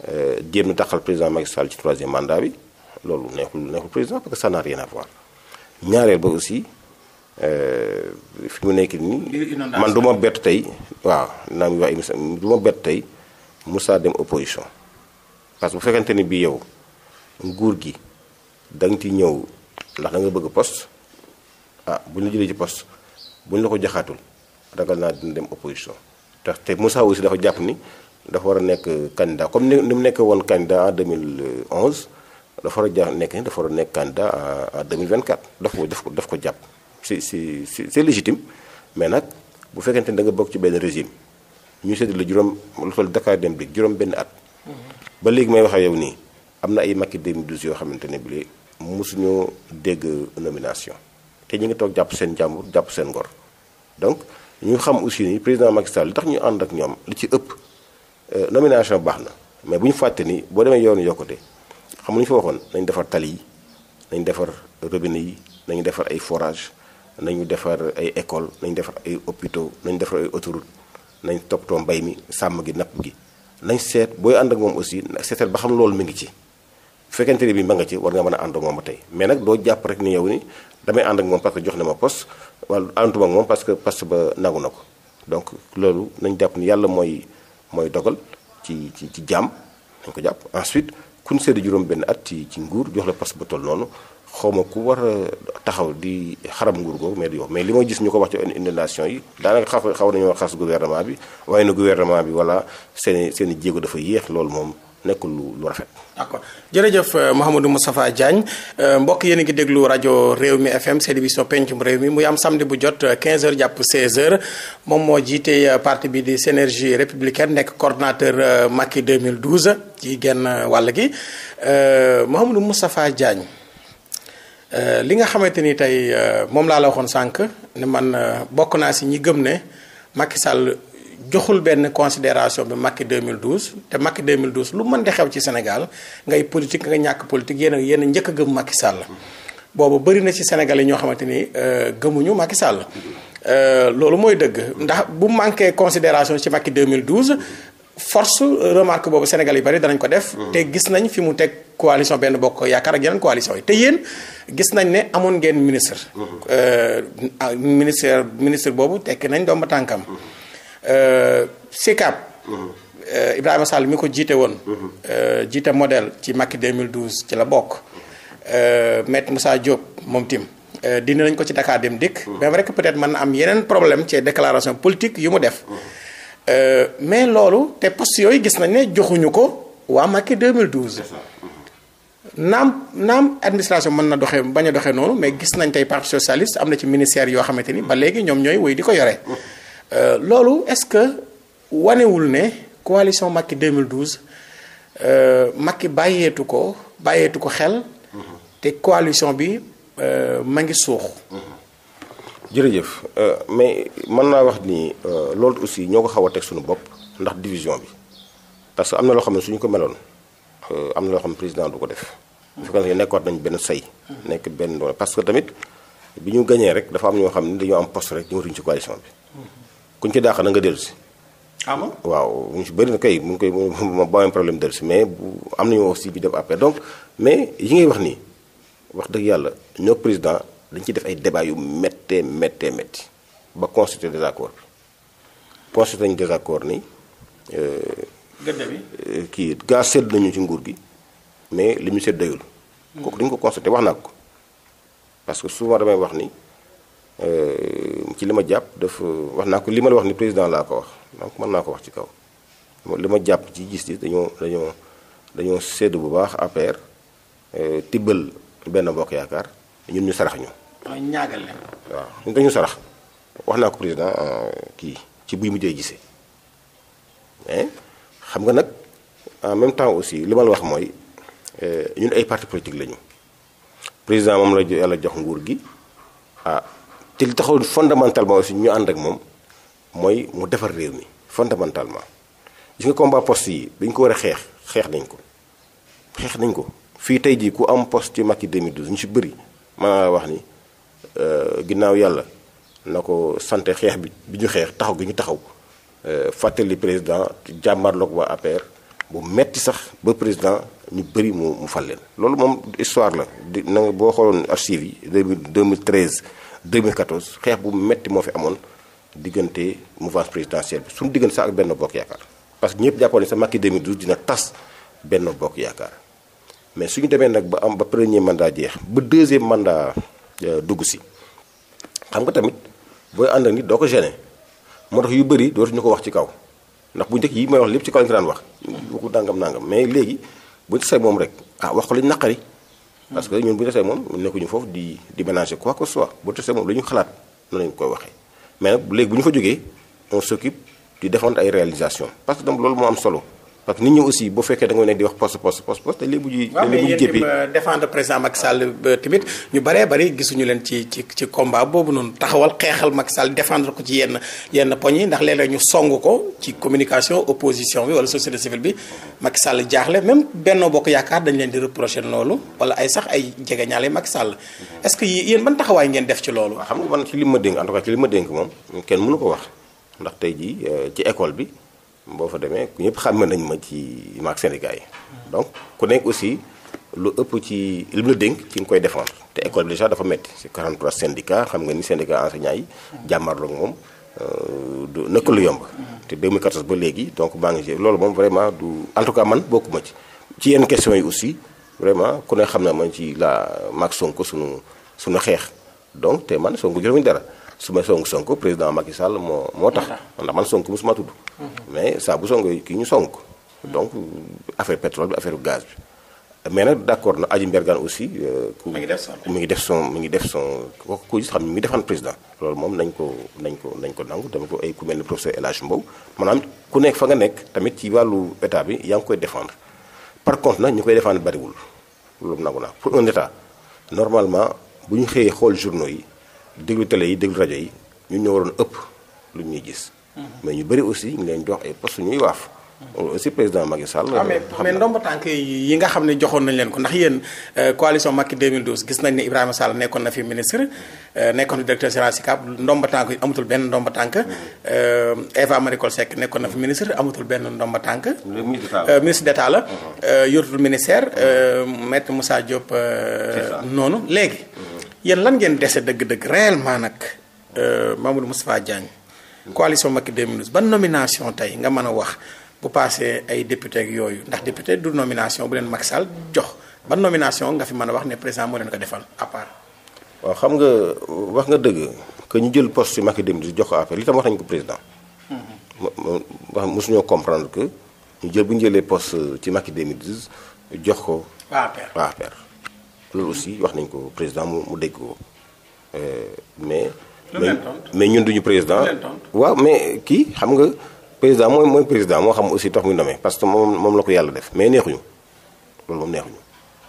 Speaker 2: euh, jéem na taxal président Macky Sall ci troisième mandat bi loolu neexul neexul président parce que ça n'a rien à ñaareel ba aussi euh, fi mu nekk nii. man du ma bett tey. waaw naa muy wax émission du ma bett tey Moussa dem opposition parce que bu fekkente ni bii yow nguur gi da ci ñëw ndax da bëgg poste. ah bu ñu la jëlee ci poste bu ñu la ko joxaatul ragal naa dina dem opposition tax te Moussa aussi dafa jàpp ni dafa war a nekk candidat comme ni mu nekk woon candidat en 2011 dafa war a ja nekk dafa war a nekk candidat en 2024 daf ko daf ko daf ko jàpp si si si c'est légitime mais nag bu fekkente ni da nga bokk ci benn régime ñu seetlu la juróom lu toll Dakar dem bi juróom benn at. Mm-hmm. ba léegi may waxee ak yow nii am na ay Macky 2012 yoo xamante ne bii mosuñoo dégg nomination. te ñu ngi toog jàpp seen jàmbur jàpp seen ngor donc ñu xam aussi ni président Macky Sall li tax ñu ànd ak ñoom li ci ëpp euh, nomination baax na mais bu ñu fàtte ni boo demee yoon yokkute xam nga ñu fa waxoon nañ defar tali yi nañ defar robinet yi nañu defar ay forage nañu defar ay école nañ defar ay hôpitaux nañ defar ay autoroute nañ too mbay mi sàmm gi napp gi nañ seet booy ànd ak moom aussi seetal ba xam loolu mi ngi ci fekkente ne bi ma nga ci war nga mën a ànd ak mais nag jàpp rek ni yow damay ànd ak moom parce que jox na ma poste wala ànduma ak moom parce que poste ba nangu na ko donc loolu nañ jàpp ni yàlla mooy mooy dogal ci ci ci jàmm nañ ko jàpp ensuite kun seede juróom benn at ci ci nguur jox la poste ba toll noonu xawma ku war a taxaw di xaram nguur googu mais du yow mais li ma gis ñu ko wax ci inondation yi daanaka xaw xaw nañoo xas gouvernement bi waaye na gouvernement bi wala seen i seen i jéego dafa yéex loolu moom nekkul lu lu rafet. d'accord
Speaker 1: jërëjëf euh, Mouhamadou Moustapha Diagne euh, mbokk yéen a ngi déglu rajo réew mi FM seen émission pencum réew mi muy am samedi bu jot 15h euh, jàpp 16h moom moo jiite parti bi di Synergie républicaine nekk coordonnateur Macky 2012 ci genn wàll gi Mouhamadou Moustapha Diagne li nga xamante ni tey moom laa la waxoon sànq ne man bokk naa si ñi gëm ne Macky Sall joxul benn considération bi Macky 2012 te Macky 2012 lu mën di xew ci Sénégal ngay politique nga ñàkk politique yéen a yéen a njëkk a gëm Macky Sall. boobu bëri na ci Sénégal yi ñoo xamante ni euh, gëmuñu Macky Sall. Euh, loolu mooy dëgg ndax bu manqué considération ci Macky 2012 force euh, remarque boobu Sénégal yi bari danañ ko def. Mm. te gis nañ fi mu teg coalition benn bokk yaakaar ak yeneen coalition yi te yéen gis nañ ne amoon ngeen ministre. Mm. Ah, ministère ministre boobu tekki nañ doomu tànkam. Mm. Euh, SICAP. Mhm. Euh, Ibrahima Sall mi ko jiite woon. Mhm. Euh, jiite modèle ci Macky 2012 ci la bokk. maître Moussa Diop moom tim dindi nañ ko ci Dakar dem dikk. même rek peut-être mën na am yeneen problème ci déclaration politique yu mu def. Mhm. mais loolu te poste yooyu gis nañ ne joxuñu ko waa Macky 2012. naam naam administration mën na doxee bañ a doxee noonu mais gis nañ tey parti socialiste am na ci ministère yoo xamante ni ba léegi ñoom ñooy wéy di ko yore. Euh, loolu est-ce que wanewul ne coalition Macky euh, mag ki bàyyeetu ko bàyyeetu ko xel. te coalition bi euh, ma ngi suux. jërëjëf
Speaker 2: mais man naa wax ni loolu aussi ñoo ko xaw a teg suñu bopp ndax division bi parce que am na loo xam ne suñu ko meloon am na loo xam ne président du ko def. bu fekkee ne nekkoon nañ benn say. nekk benn doole parce que tamit bi ñu gañee rek dafa am ñoo xam ne dañoo am poste rek ñëwatuñ ci coalition bi. ñu ci daax na nga dellu si. amoon ah waaw ñu si bëri na kay mu ngi koy ba problème dellu si mais am nañu aussi bi dem après donc mais yi ngay wax nii wax dëgg yàlla ñoo président dañ ciy def ay débat yu méttee méttee métti ba constituer désaccord bi constituer nañu désaccord ni. Euh, gëdd bi euh, kii gaa sedd nañu ci nguur gi mais li ñu sedd doyul. Mm. kooku dañu ko constaté wax naa ko parce que souvent damay wax ni. Euh, ci li ma jàpp dafa wax naa ko li ma la wax ni président laa ko wax donc mën naa ko wax ci kaw li ma jàpp ci gis-gis dañoo dañoo dañoo sédd bu baax APR euh, tibbal benn mbokk yaakaar ñun ñu sarax ñu.
Speaker 1: waaw ñaagal leen.
Speaker 2: waaw ñun wax naa ko président euh, kii ci mu mujjee gisee xam nga nag en même temps aussi li ma wax mooy ñun ay parti politique lañu président moom la yàlla jox nguur gi ah. te li taxawul fondamentalement aussi ñu ànd ak moom mooy mu defar réew mi fondamentalement gis nga combat poste yi bi ñu ko war a xeex xeex nañ ko xeex nañ ko fii tey jii ku am poste ci Macky 2012 ñu si bëri maanaam wax ni euh, ginnaaw yàlla na ko sante xeex bi bi ñu xeex taxaw gi ñu taxaw euh, fàttali président jàmmarloog waa APR bu metti sax ba président ñu bëri mu mu fal leen loolu moom histoire la di na boo xooloon archives yi 2013 2014 xeex bu metti moo fi amoon diggante mouvance présidentielle bi suñu diggante sax ak Benno Bokk Yaakaar parce que ñëpp jàppoon ne sax Macky 2012 dina tas benn Bokk Yaakaar mais suñu demee nag ba am ba premier mandat jeex ba deuxième mandat euh, dugg si xam nga tamit booy ànd ak nit doo ko gêner moo tax yu bëri dootuñu ko wax ci kaw ndax bu njëkk yi may wax lépp ci kaw lañu ko daan wax waxu dàngam nangam mais léegi buñu tasee moom rek ah wax ko lañu naqari parce que ñun bu ñu tasee moom nekkuñu foofu di di ménager quoi que soit bu tasee moom lu ñu xalaat noonu lañu koy waxee mais nag léegi bu ñu fa jógee on s'occupe di défendre ay réalisation parce que donc loolu moo am solo parce que nit ñi aussi boo fekkee da nga nekk di wax poste poste poste poste
Speaker 1: te léegi bu ñuy. waaw mais yéen euh, défendre président Macky Sall euh, tamit ñu baree bari gisuñu leen ci ci ci combat boobu noonu taxawal xeexal Macky Sall défendre ko ci yenn yenn poñ yi ndax léeg ñu song ko ci communication opposition bi wala société civile bi Macky Sall jaaxle même Benno Bokk Yaakaar dañ leen di reprocher loolu wala ay sax ay jegeñaale Macky Sall est-ce que yéen ban taxawaay ngeen def ci loolu. xam nga man ci li ma dénk en tout cas ci li ma
Speaker 2: dénk moom kenn mënu ko wax ndax tey jii euh, ci école bi. boo fa demee ñëpp xam nañ ma ci maak syndicat yi. donc ku nekk aussi lu ëpp ci li mu la dénk ci nga koy défendre te école bi déjà dafa metti c'est 43 syndicats xam nga ni syndicat enseignants yi. jàmmarloog moom euh, du nëkk lu yomb. te 2014 ba léegi donc maa ngi ci loolu moom vraiment du en tout cas man ma ci. ci yenn question yi aussi vraiment ku ne xam na man ci la maak Sonko sunu sunu xeex donc te man Sonko juróomi dara. su ma song Sonko président Macky Sall moo moo tax ndax man Sonko musuma tudd mhm. mais saa bu songo kii ñu sonk mhm. donc affaire pétrole bi affaire gaz bi mais nag d'accord na aju Mbergane aussi. Euh, mi ngi def son mi ngi def son mi ngi def son ku gis xam mi ngi defan président. loolu moom nañ ko nañ ko nañ ko nangu tamit ay ku mel ni professeur El Mbow. maanaam ku nekk fa nga nekk tamit ci wàllu état bi yaa ngi koy défendre par contre nag ñu koy défendre bariwul loolu nangu naa pour un état normalement bu ñu xëyee xool journaux yi. déglu télé yi déglu rajo yi ñun ñoo waroon ëpp lu ñuy gis. Mm-hmm. mais ñu bëri aussi ñu leen jox ay poste ñuy waaf. Mm-hmm. aussi président Macky Sall. Ah, xam mais
Speaker 1: ndomb tànk yi nga xam ne joxoon nañ leen ko ndax yéen euh, coalition Macky 2012 gis nañ ne Ibrahima Sall nekkoon na fi ministre euh, nekkoon na directeur général SICAP ndomb tànk yi amatul benn ndomb tànk mm-hmm. euh, Eva Marie Coll Seck nekkoon na fi ministre amatul benn ndomba tànk. ministre d'état la. yorutul ministère maître Moussa Diop. noonu léegi. yéen lan ngeen dese dëgg-dëgg réellement nag euh, Mamadou Moustapha Diagne coalition Macky 2012 ban nomination tey nga mën a wax bu passé ay député yooyu ndax député du nomination bu leen mag Sall jox ban nomination nga fi mën a wax ne président moo leen ko defal à
Speaker 2: xam nga wax nga dëgg que ñu jël poste si Macky 2012 jox ko affaire li tam wax nañ ko président. Hmm. wax mosuñoo comprendre que ñu jël bu ñu jëlee post ci Macky 2012 jox ko. loolu aussi wax nañ ko président mu mu dégg ko euh, mais. mais ñun duñu président. waaw mais kii xam nga président mooy mooy président moo xam aussi tax muy nommé parce que moom moom la ko yàlla def mais neexuñu loolu moom neexuñu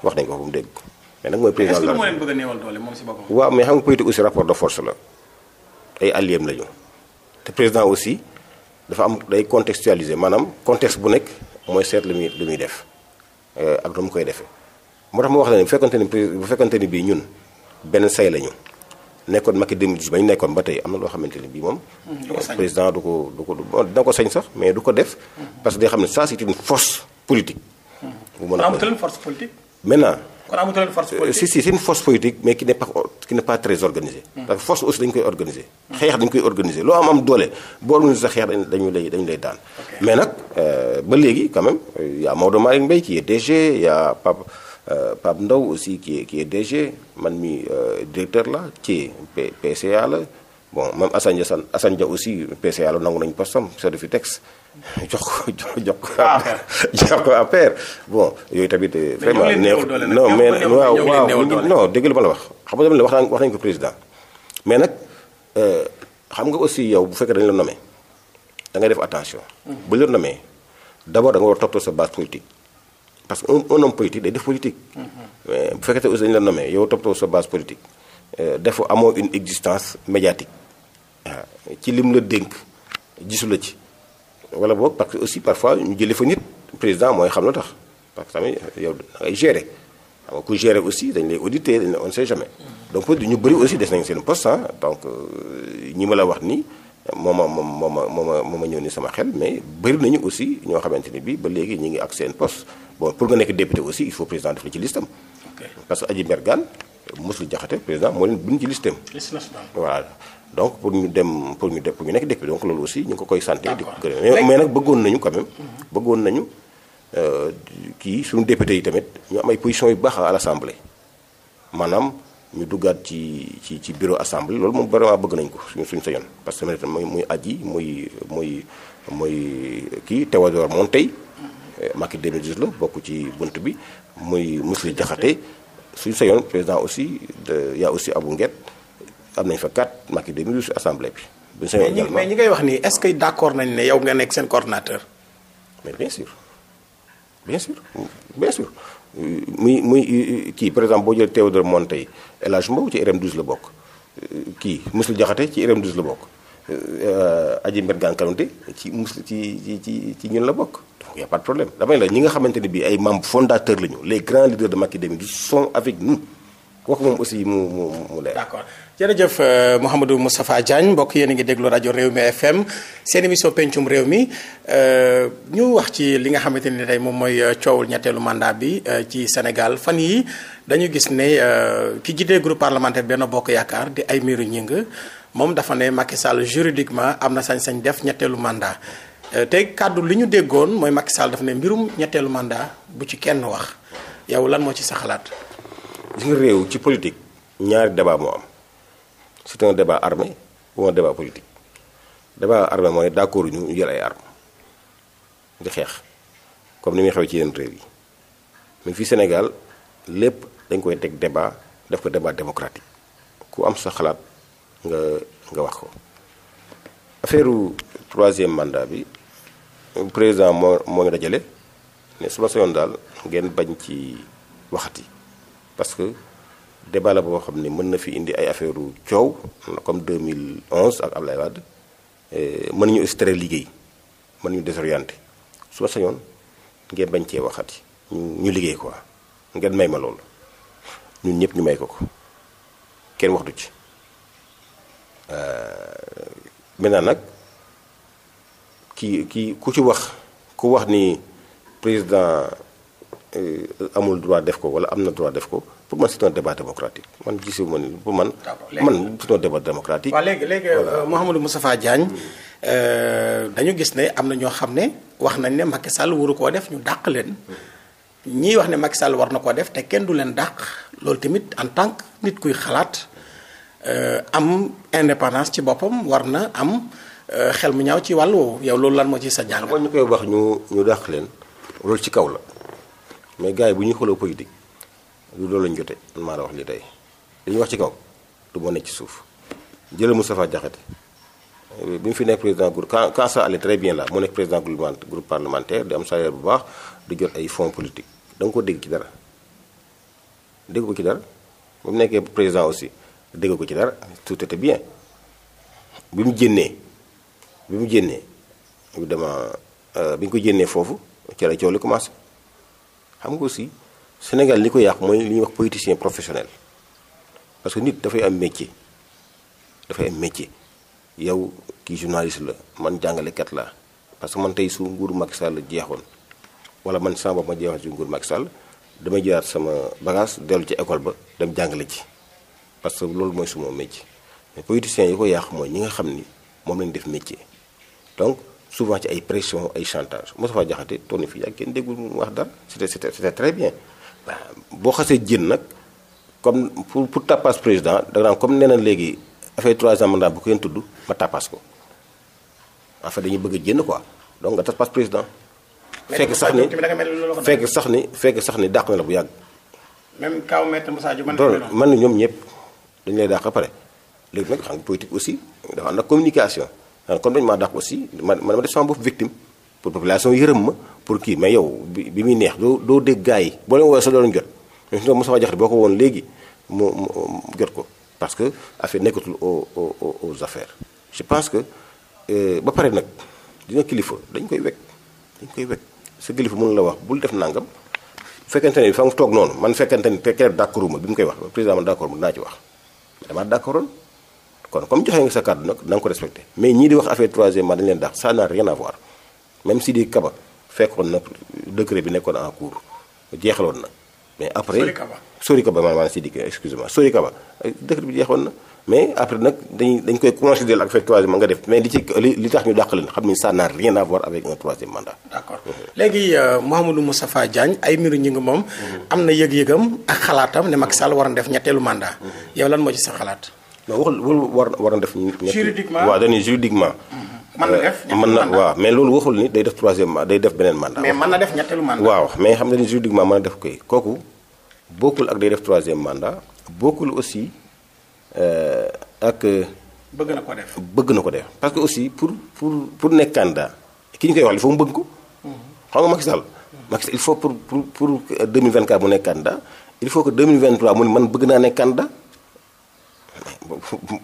Speaker 2: wax nañ ko ba mu dégg ko. mais nag mooy président moo leen
Speaker 1: bëgg a néewal doole moom si boppam.
Speaker 2: waaw mais xam nga politique aussi rapport la ay alliés lañu te président aussi dafa am day contextualiser maanaam contexte bu nekk mooy seet lu muy lu muy def euh, ak lu koy defee. moo tax ma wax la ne bu fekkonte ni bu fekkonte ni bii ñun benn say lañu nekkoon Macky 2010 ba ñu nekkoon ba tey am na loo xamante ni bii moom.
Speaker 1: Hmm, président
Speaker 2: du ko du ko dina ko sañ sax mais du ko def. Hmm. parce que day xam ne ça c'est une force politique. bu hmm. mën a amatul force politique. maintenant
Speaker 1: euh, si si
Speaker 2: force politique mais qui n'est pas parce que force aussi dañu koy organiser. xeex dañu koy organiser loo am am doole boo organisé xeex dañu lay dañu lay daan. mais nag euh, ba léegi quand même y a Maodo Malick Mbaye qui est DG y a Euh, Pape Ndaw aussi kii est qui man mi euh, directeur la ci PCA la bon même Assane Dia Assane Dia aussi PCA la nangu nañu postam Sodefitex jox ko jox ko ah. jox ko affaire bon yooyu tamit euh, vraiment neex non mais waaw waaw non dégg li ma la wax xam nga dama ne wax wax nañu ko président mais nag xam nga aussi yow bu fekkee dañ la nommé da ngay def attention mm-hmm. bu ñu la nommé d'abord da war a toppatoo sa base politique parce que un un homme politique day def politique. mais bu fekkee aussi dañu la nommé yow toppatoo sa base politique. Euh, dafa amoo une existence médiatique waaw ah, ci lim la dénk gisu la ci wala boog parce que aussi parfois ñu jëlee fa nit président mooy xam la tax parce que tamit euh, yow da ngay xam nga ku gérer aussi dañ lay auditer dañ la on sait jamais. donc peut ñu bëri aussi des nañ seen poste ah donc euh, ñi ma la wax nii moom a moom moom a moom a ñëw ni sama xel mais bëri nañu aussi ñoo xamante ni bii ba léegi ñu ngi ak seen poste. bon pour nga nekk député aussi il faut président def la ci listam parce que Adji Mergane Moussa Diakhaté président moo leen bind ci listam waa donc pour ñu dem pour ñu def pour ñu nekk député donc loolu aussi ñu ngi ko koy santé di ko gërëm mais nag bëggoon nañu quand même mhm. euh, kii suñu député yi tamit ñu ay position yu baax à maanaam ñu duggaat ci ci ci bureau assemblée loolu moom vraiment bëgg nañ ko suñu suñu sa yoon parce que tamit muy muy Adji muy muy muy kii moon tey Euh, Macky 2010 la bokk ci bunt bi muy Mously Diakhaté suñu sa président aussi de y' aussi Abou Nguet am nañ fa kat Macky 2010 si assemblée bi. buñu sa ñi
Speaker 1: ngay wax nii est-ce que d' accord nañ ne yow nga nekk seen coordonnateur. mais bien sûr
Speaker 2: bien sûr euh, muy muy euh, kii par exemple boo jël Théodore Montey El Hadj Mbow ci RM12 la bokk kii Mously Diakhaté ci RM12 la bokk. aji mbet gànkalante ci ci ci ci ñun la bokk donc y' pas de problème damay la ñi nga xamante ne bii ay membres fondateurs lañu les grands leaders de Macky 2012 sont avec nous kooku moom aussi mu mu mu leer. d' accord
Speaker 1: jërëjëf euh, Mouhamadou Moustapha mbokk yéen a ngi déglu rajo réew mi FM seen émission pencum réew mi euh, ñu wax ci li nga xamante ni tey moom mooy euh, coowul ñetteelu mandat bi ci Sénégal fan yi dañu gis ne ki jiite groupe parlementaire Benno Bokk Yaakaar di Aymérou Gningue moom dafa ne Macky Sall juridiquement am na sañ-sañ def ñetteelu mandat euh, te kàddu li ñu déggoon mooy Macky Sall dafa ne mbirum ñetteelu mandat bu ci kenn wax yow lan moo ci sa xalaat. gis
Speaker 2: nga réew ci politique ñaari débat moo am c'est un débat armé ou un débat politique débat mooy d'accord ñu jël ay armes di xeex comme ni muy xew ci yeneen réew yi mais fii Sénégal lépp dañ koy teg débat def ko débat démocratique ku am sa xalaat. nga nga wax ko affaire troisième mandat bi président moo moo ngi dajale ne su ma soyoon daal ngeen bañ ci waxati parce que débat la boo xam ne mën na fi indi ay affaire coow comme 2011 ak Ablaye Wade mën nañu aussi tere liggéey mën nañu désorienté su ma sañoon ngeen bañ cee waxat yi ñu liggéey quoi ngeen may ma loolu ñun ñëpp ñu may ko ko kenn waxtu ci. Euh, maintenant nag ki ki ku ci wax ku wax ni président euh, amul droit def ko wala am na droit def ko pour man si un
Speaker 1: débat démocratique
Speaker 2: man gisuma man pour man. man c'est un débat démocratique. waaw léegi léegi euh, Mouhamadou
Speaker 1: Moustapha Diagne hmm. dañu gis ne am na ñoo xam ne wax nañ ne Macky sàll waru koo def ñu dàq leen. Hmm. ñii wax ne Macky sàll war na koo def te kenn du leen dàq loolu tamit en tant nit kuy xalaat. Euh, am indépendance ci boppam war na am euh, xel mu ñaaw ci wàll woowu yow loolu lan moo ci sa jàng. ñu koy wax ñu ñu dàq leen
Speaker 2: loolu ci kaw la mais gars yi bu ñuy xooloo politique lu loolu lañ jotee man wax li tey li wax ci kaw du moo nekk ci suuf jële Moustapha Diakhaté bi mu fi nekk président groupe quand quand ça allait bien là mu nekk président groupe parlementaire di am salaire baax di jot ay fonds politique da nga dégg ci dara ko ci dara ba mu nekkee président aussi. dégg ko ci dara tout était bien bi mu génnee bi mu génnee évidemment euh, bi ñu ko génnee foofu ci coow li commencé xam nga aussi Sénégal li ko yàq mooy li ñu wax politicien professionnel parce que nit dafay am métier dafay am métier yow kii journaliste la man jàngalekat la parce que man tey su nguuru Macky Sall jeexoon wala man sama ma jeexoon si nguuru Macky sàll damay jëlaat sama bagage dellu ci école ba dem jàngale ci parce que loolu mooy suma métier mais politiciens yi ko yàq mooy ñi nga xam ni moom lañ def métier donc souvent ci ay pression ay chantage Moustapha Diakhaté toog na fii ak kenn déggul mu wax dara c'était c'était c'était boo xasee jën nag comme pour pour tappaas président da nga comme nee na léegi affaire trois ans mandat bu ko yéen tudd ko en fait dañuy bëgg a jënd quoi donc nga tappaas président.
Speaker 1: fekk sax ni fekk sax
Speaker 2: ni fekk sax ni dàq na la bu yàgg.
Speaker 1: même kaw maître Moussa Diop
Speaker 2: man ñoom ñëpp. dañu lay daax a pare léegi nag xam nga politique aussi dafa ànd ak communication comme dañu maa dàq aussi man ma def sama bopp victime pour population yërëm ma pour kii mais yow bi muy neex doo doo dégg gars yi boo leen woowee sa doon jot ñun Moustapha Diakhaté boo ko woon léegi mu jot ko parce que affaire nekkatul aux je pense que euh, ba pare nag dina kilifa dañ koy wekk dañ koy wekk sa kilifa mën la wax bul def nangam bu fekkente ne fa nga toog noonu man fekkente ne te kenn d'accord bi mu koy wax président man d'accord ma dinaa ci wax. dama d'accordoon kon comme joxe nga sa kàddu nag na nga ko respecté mais ñii di wax affaire troisième mandat dañ leen dàq ça n'a rien à voir même si di kaba fekkoon na décret bi nekkoon en cours jeexaloon na mais après Sori Kaba Sori Kaba maanaam si di excusez-moi Sori Kaba décret bi jeexoon na mais après nag dañ dañ koy considérer ak fait troisième nga def mais li ci li tax ñu dàq leen xam ni ça n'a rien à voir avec un troisième mandat.
Speaker 1: d'accord léegi euh, Mouhamadou Moustapha Diagne ay mbiru ñi moom. am na yëg-yëgam xalaatam ne Macky Sall war na def ñetteelu mandat. yow lan moo ci sa xalaat.
Speaker 2: non wax war war na def. juridiquement waaw dañuy juridiquement. mën na euh, def mën na waaw mais loolu waxul ni day def troisième mandat day def beneen mandat. mais mën
Speaker 1: na def ñetteelu mandat. waaw
Speaker 2: mais xam nga ni juridiquement mën na def koy kooku bokkul ak day def troisième mandat bokkul aussi. Euh, ak.
Speaker 1: bëgg na ko def
Speaker 2: bëgg na ko def parce que aussi pour pour pour nekk candidat ki ñu koy wax il faut mu bëgg ko. Mhm. xam nga Macky Sall. Macky Sall il faut pour pour pour 2024 mu nekk candidat il faut que 2023 mu ne man bëgg naa nekk candidat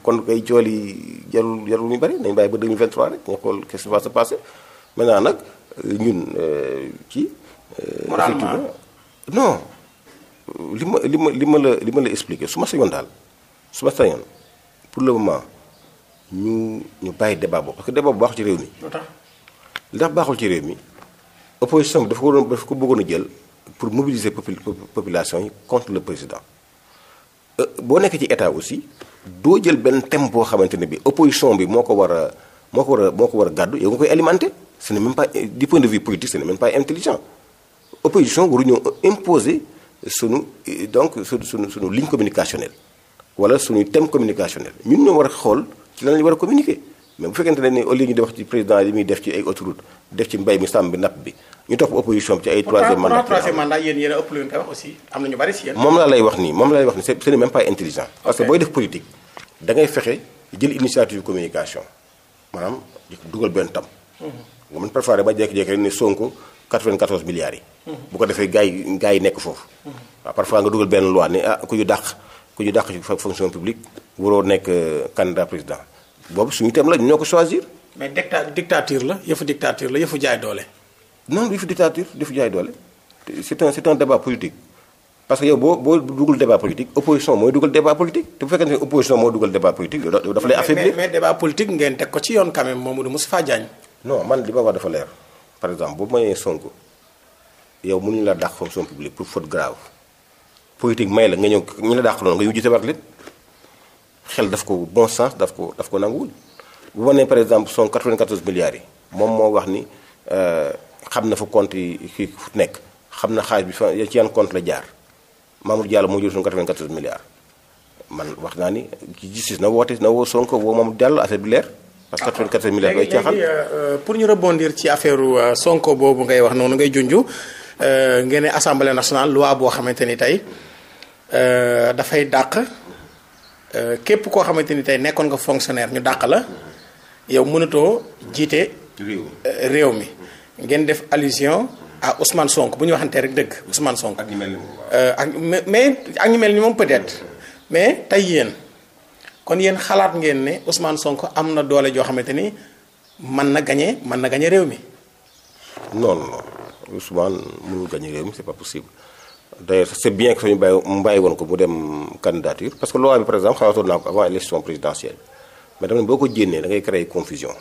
Speaker 2: kon kay cool yi jarul jarul ñu bëri nañ bàyyi ba 2023 rek ñu xool qu'est-ce qui va se passer maintenant nag euh, euh, li ma li ma li ma la li ma la expliqué su ma daal. su ma sañoon pour le moment ñu ñu bàyyi débat boobu parce que débat bu baaxul ci réew mi. li tax baaxul ci réew mi opposition bi dafa ko doon ko bëggoon a jël pour mobiliser popul population yi contre le président. Euh, boo nekkee ci état aussi doo jël benn thème boo xamante ne bi opposition bi moo ko war a moo ko war a moo ko war a gàddu yow nga koy alimenter ce n'est même pas du point de vue politique ce n'est même pas intelligent opposition waruñoo imposer sunu euh, donc sunu sunu sunu ligne communicationnelle. wala suñuy thème communicationnel ñun ñoo war a xool ci lan lañu war a communiquer mais bu fekkente ne au lieu ñu di wax ci président yi muy def ci ay autoroute def ci mbay mi sàmm bi napp bi ñu topp opposition bi ci ay wax
Speaker 1: aussi moom laa lay wax nii moom laa
Speaker 2: lay wax nii ce n'est même pas intelligent parce que booy def politique da fexe jël initiative communication maanaam dugal benn tam mhm. nga mën préparé ba jékki-jékki rek ne Sonko 94 milliards yi mhm. bu ko defee gars yi gars yi foofu mhm. waaw parfois ku ñu dàq ci fonction publique waroo nekk euh, candidat président boobu suñu thème la ñoo ko choisir. mais dicta dictature la yëfu dictature la yëfu jaay doole. non yëfu dictature yëfu jaay doole c'est un c'est un débat politique parce que yow boo boo dugal débat politique opposition mooy dugal débat politique te bu fekkee ne opposition moo dugal débat politique dafa lay affaiblir. mais
Speaker 1: mais débat politique ko ci yoon quand même Mamadou Moustapha Diagne.
Speaker 2: non man li ma la dàq fonction publique pour faute politique may la nga ñëw ñu la dàqaloon nga ñëw jiite waat leen xel daf ko bon sens daf ko daf ko nanguwul bu ma nee par exemple son 94 milliards yi moom moo wax ni euh, xam na fu compte yi fu nekk xam na xaalis bi fa ci yan la jaar Mamour Diallo moo jël son 94 milliards wax naa ni justice na na woo Sonko woo Mamour Diallo affaire bi leer. parce que 94 milliards lay caaxaan
Speaker 1: euh, pour ñu rebondir ci euh, boobu ngay wax noonu ngay junj ngeen ne assemblée nationale loi boo xamante ni tey. Euh, dafay dàq euh, képp koo xamante ni tey nekkoon nga fonctionnaire ñu dàq la yow mënatoo jiite. réew euh, mi ngeen def allision a Ousmane sonk bu ñu waxantee rek dëgg Ousmane Sonko. ak ñu mel ni moom ak ñu mel ni moom peut-être mais tey yéen kon yéen xalaat ngeen ne Ousmane sonk am na doole joo xamante ni mën na gañe mën na gañe réew mi.
Speaker 2: non non Ousmane mënul gañe réew mi c'est pas possible. d'ailleurs c'est bien que suñu bàyyi mu bàyyi woon ko mu dem candidature parce que loi bi par exemple xalaatoon naa ko avant élection présidentielle mais dama boo ko jénnee da ngay créer confusion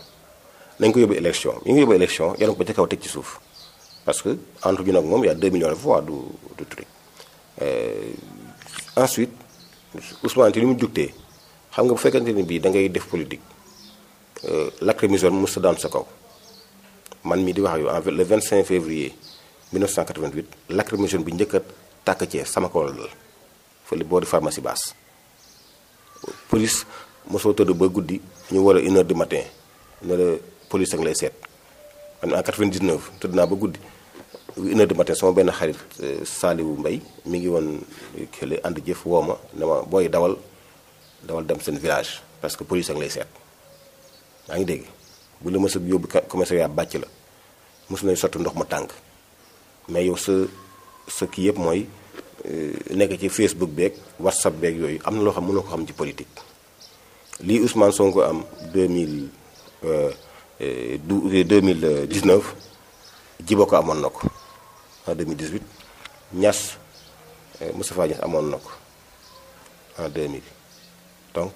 Speaker 2: nañ ko yóbbu élection yi nga yóbbu élection yal na ko ba ca kaw teg ci suuf parce que entre ñu nag moom y a 2 millions de voix du du truc euh, ensuite Ousmane te li mu jugtee xam nga bu fekkente ni bii da ngay def politique euh, lacrymogène mos sa daan sa kaw man mii di wax ak yow en le 25 février 1988 lacrymogène bi njëkkat tàkk Thiès sama kaw la dal fële boori pharmacie baas police mosoo tëdd ba guddi ñu war a une heure du matin ne la police ak lay seet man en 99 tëdd naa ba guddi une heure du matin sama benn xarit euh, Saliou mbay mi ngi woon kële ànd jëf woo ma ne ma booy dawal dawal dem seen village parce que police ak lay seet maa ngi dégg bu la mës a yóbbu commissariat bàcc la mos nañu sotti ndox mu tàng mais yow sa. sa kii yëpp mooy euh, nekk ci Facebook beeg WhatsApp beeg yooyu am na loo xam mënoo ko xam ci politique. lii Ousmane Sonko am deux mille euh, euh, deux mille dix neuf jiba ko amoon na ko en deux mille dix huit Niass Moustapha Niass amoon na ko en deux mille donc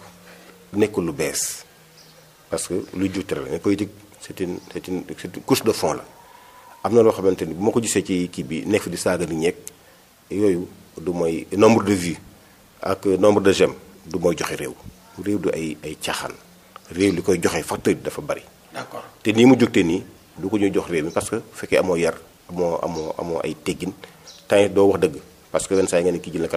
Speaker 2: nekkul lu bees parce que lu juutere la mais politique c'est une c'est une c'est une course de fond la. am na loo xamante ni bu ma ko gisee ci kii bi nekk fi di saaga nit ñeeg yooyu du mooy nombre de vie ak nombre de j'aime du mooy joxe réew réew du ay ay caaxaan réew li koy joxe facteur bi dafa bari. d'accord te nii mu jógte nii du ko ñuy jox réew mi parce que fekkee amoo yar amoo amoo amoo ay teggin temps doo wax dëgg parce que wenn saa yi nga ne kii jël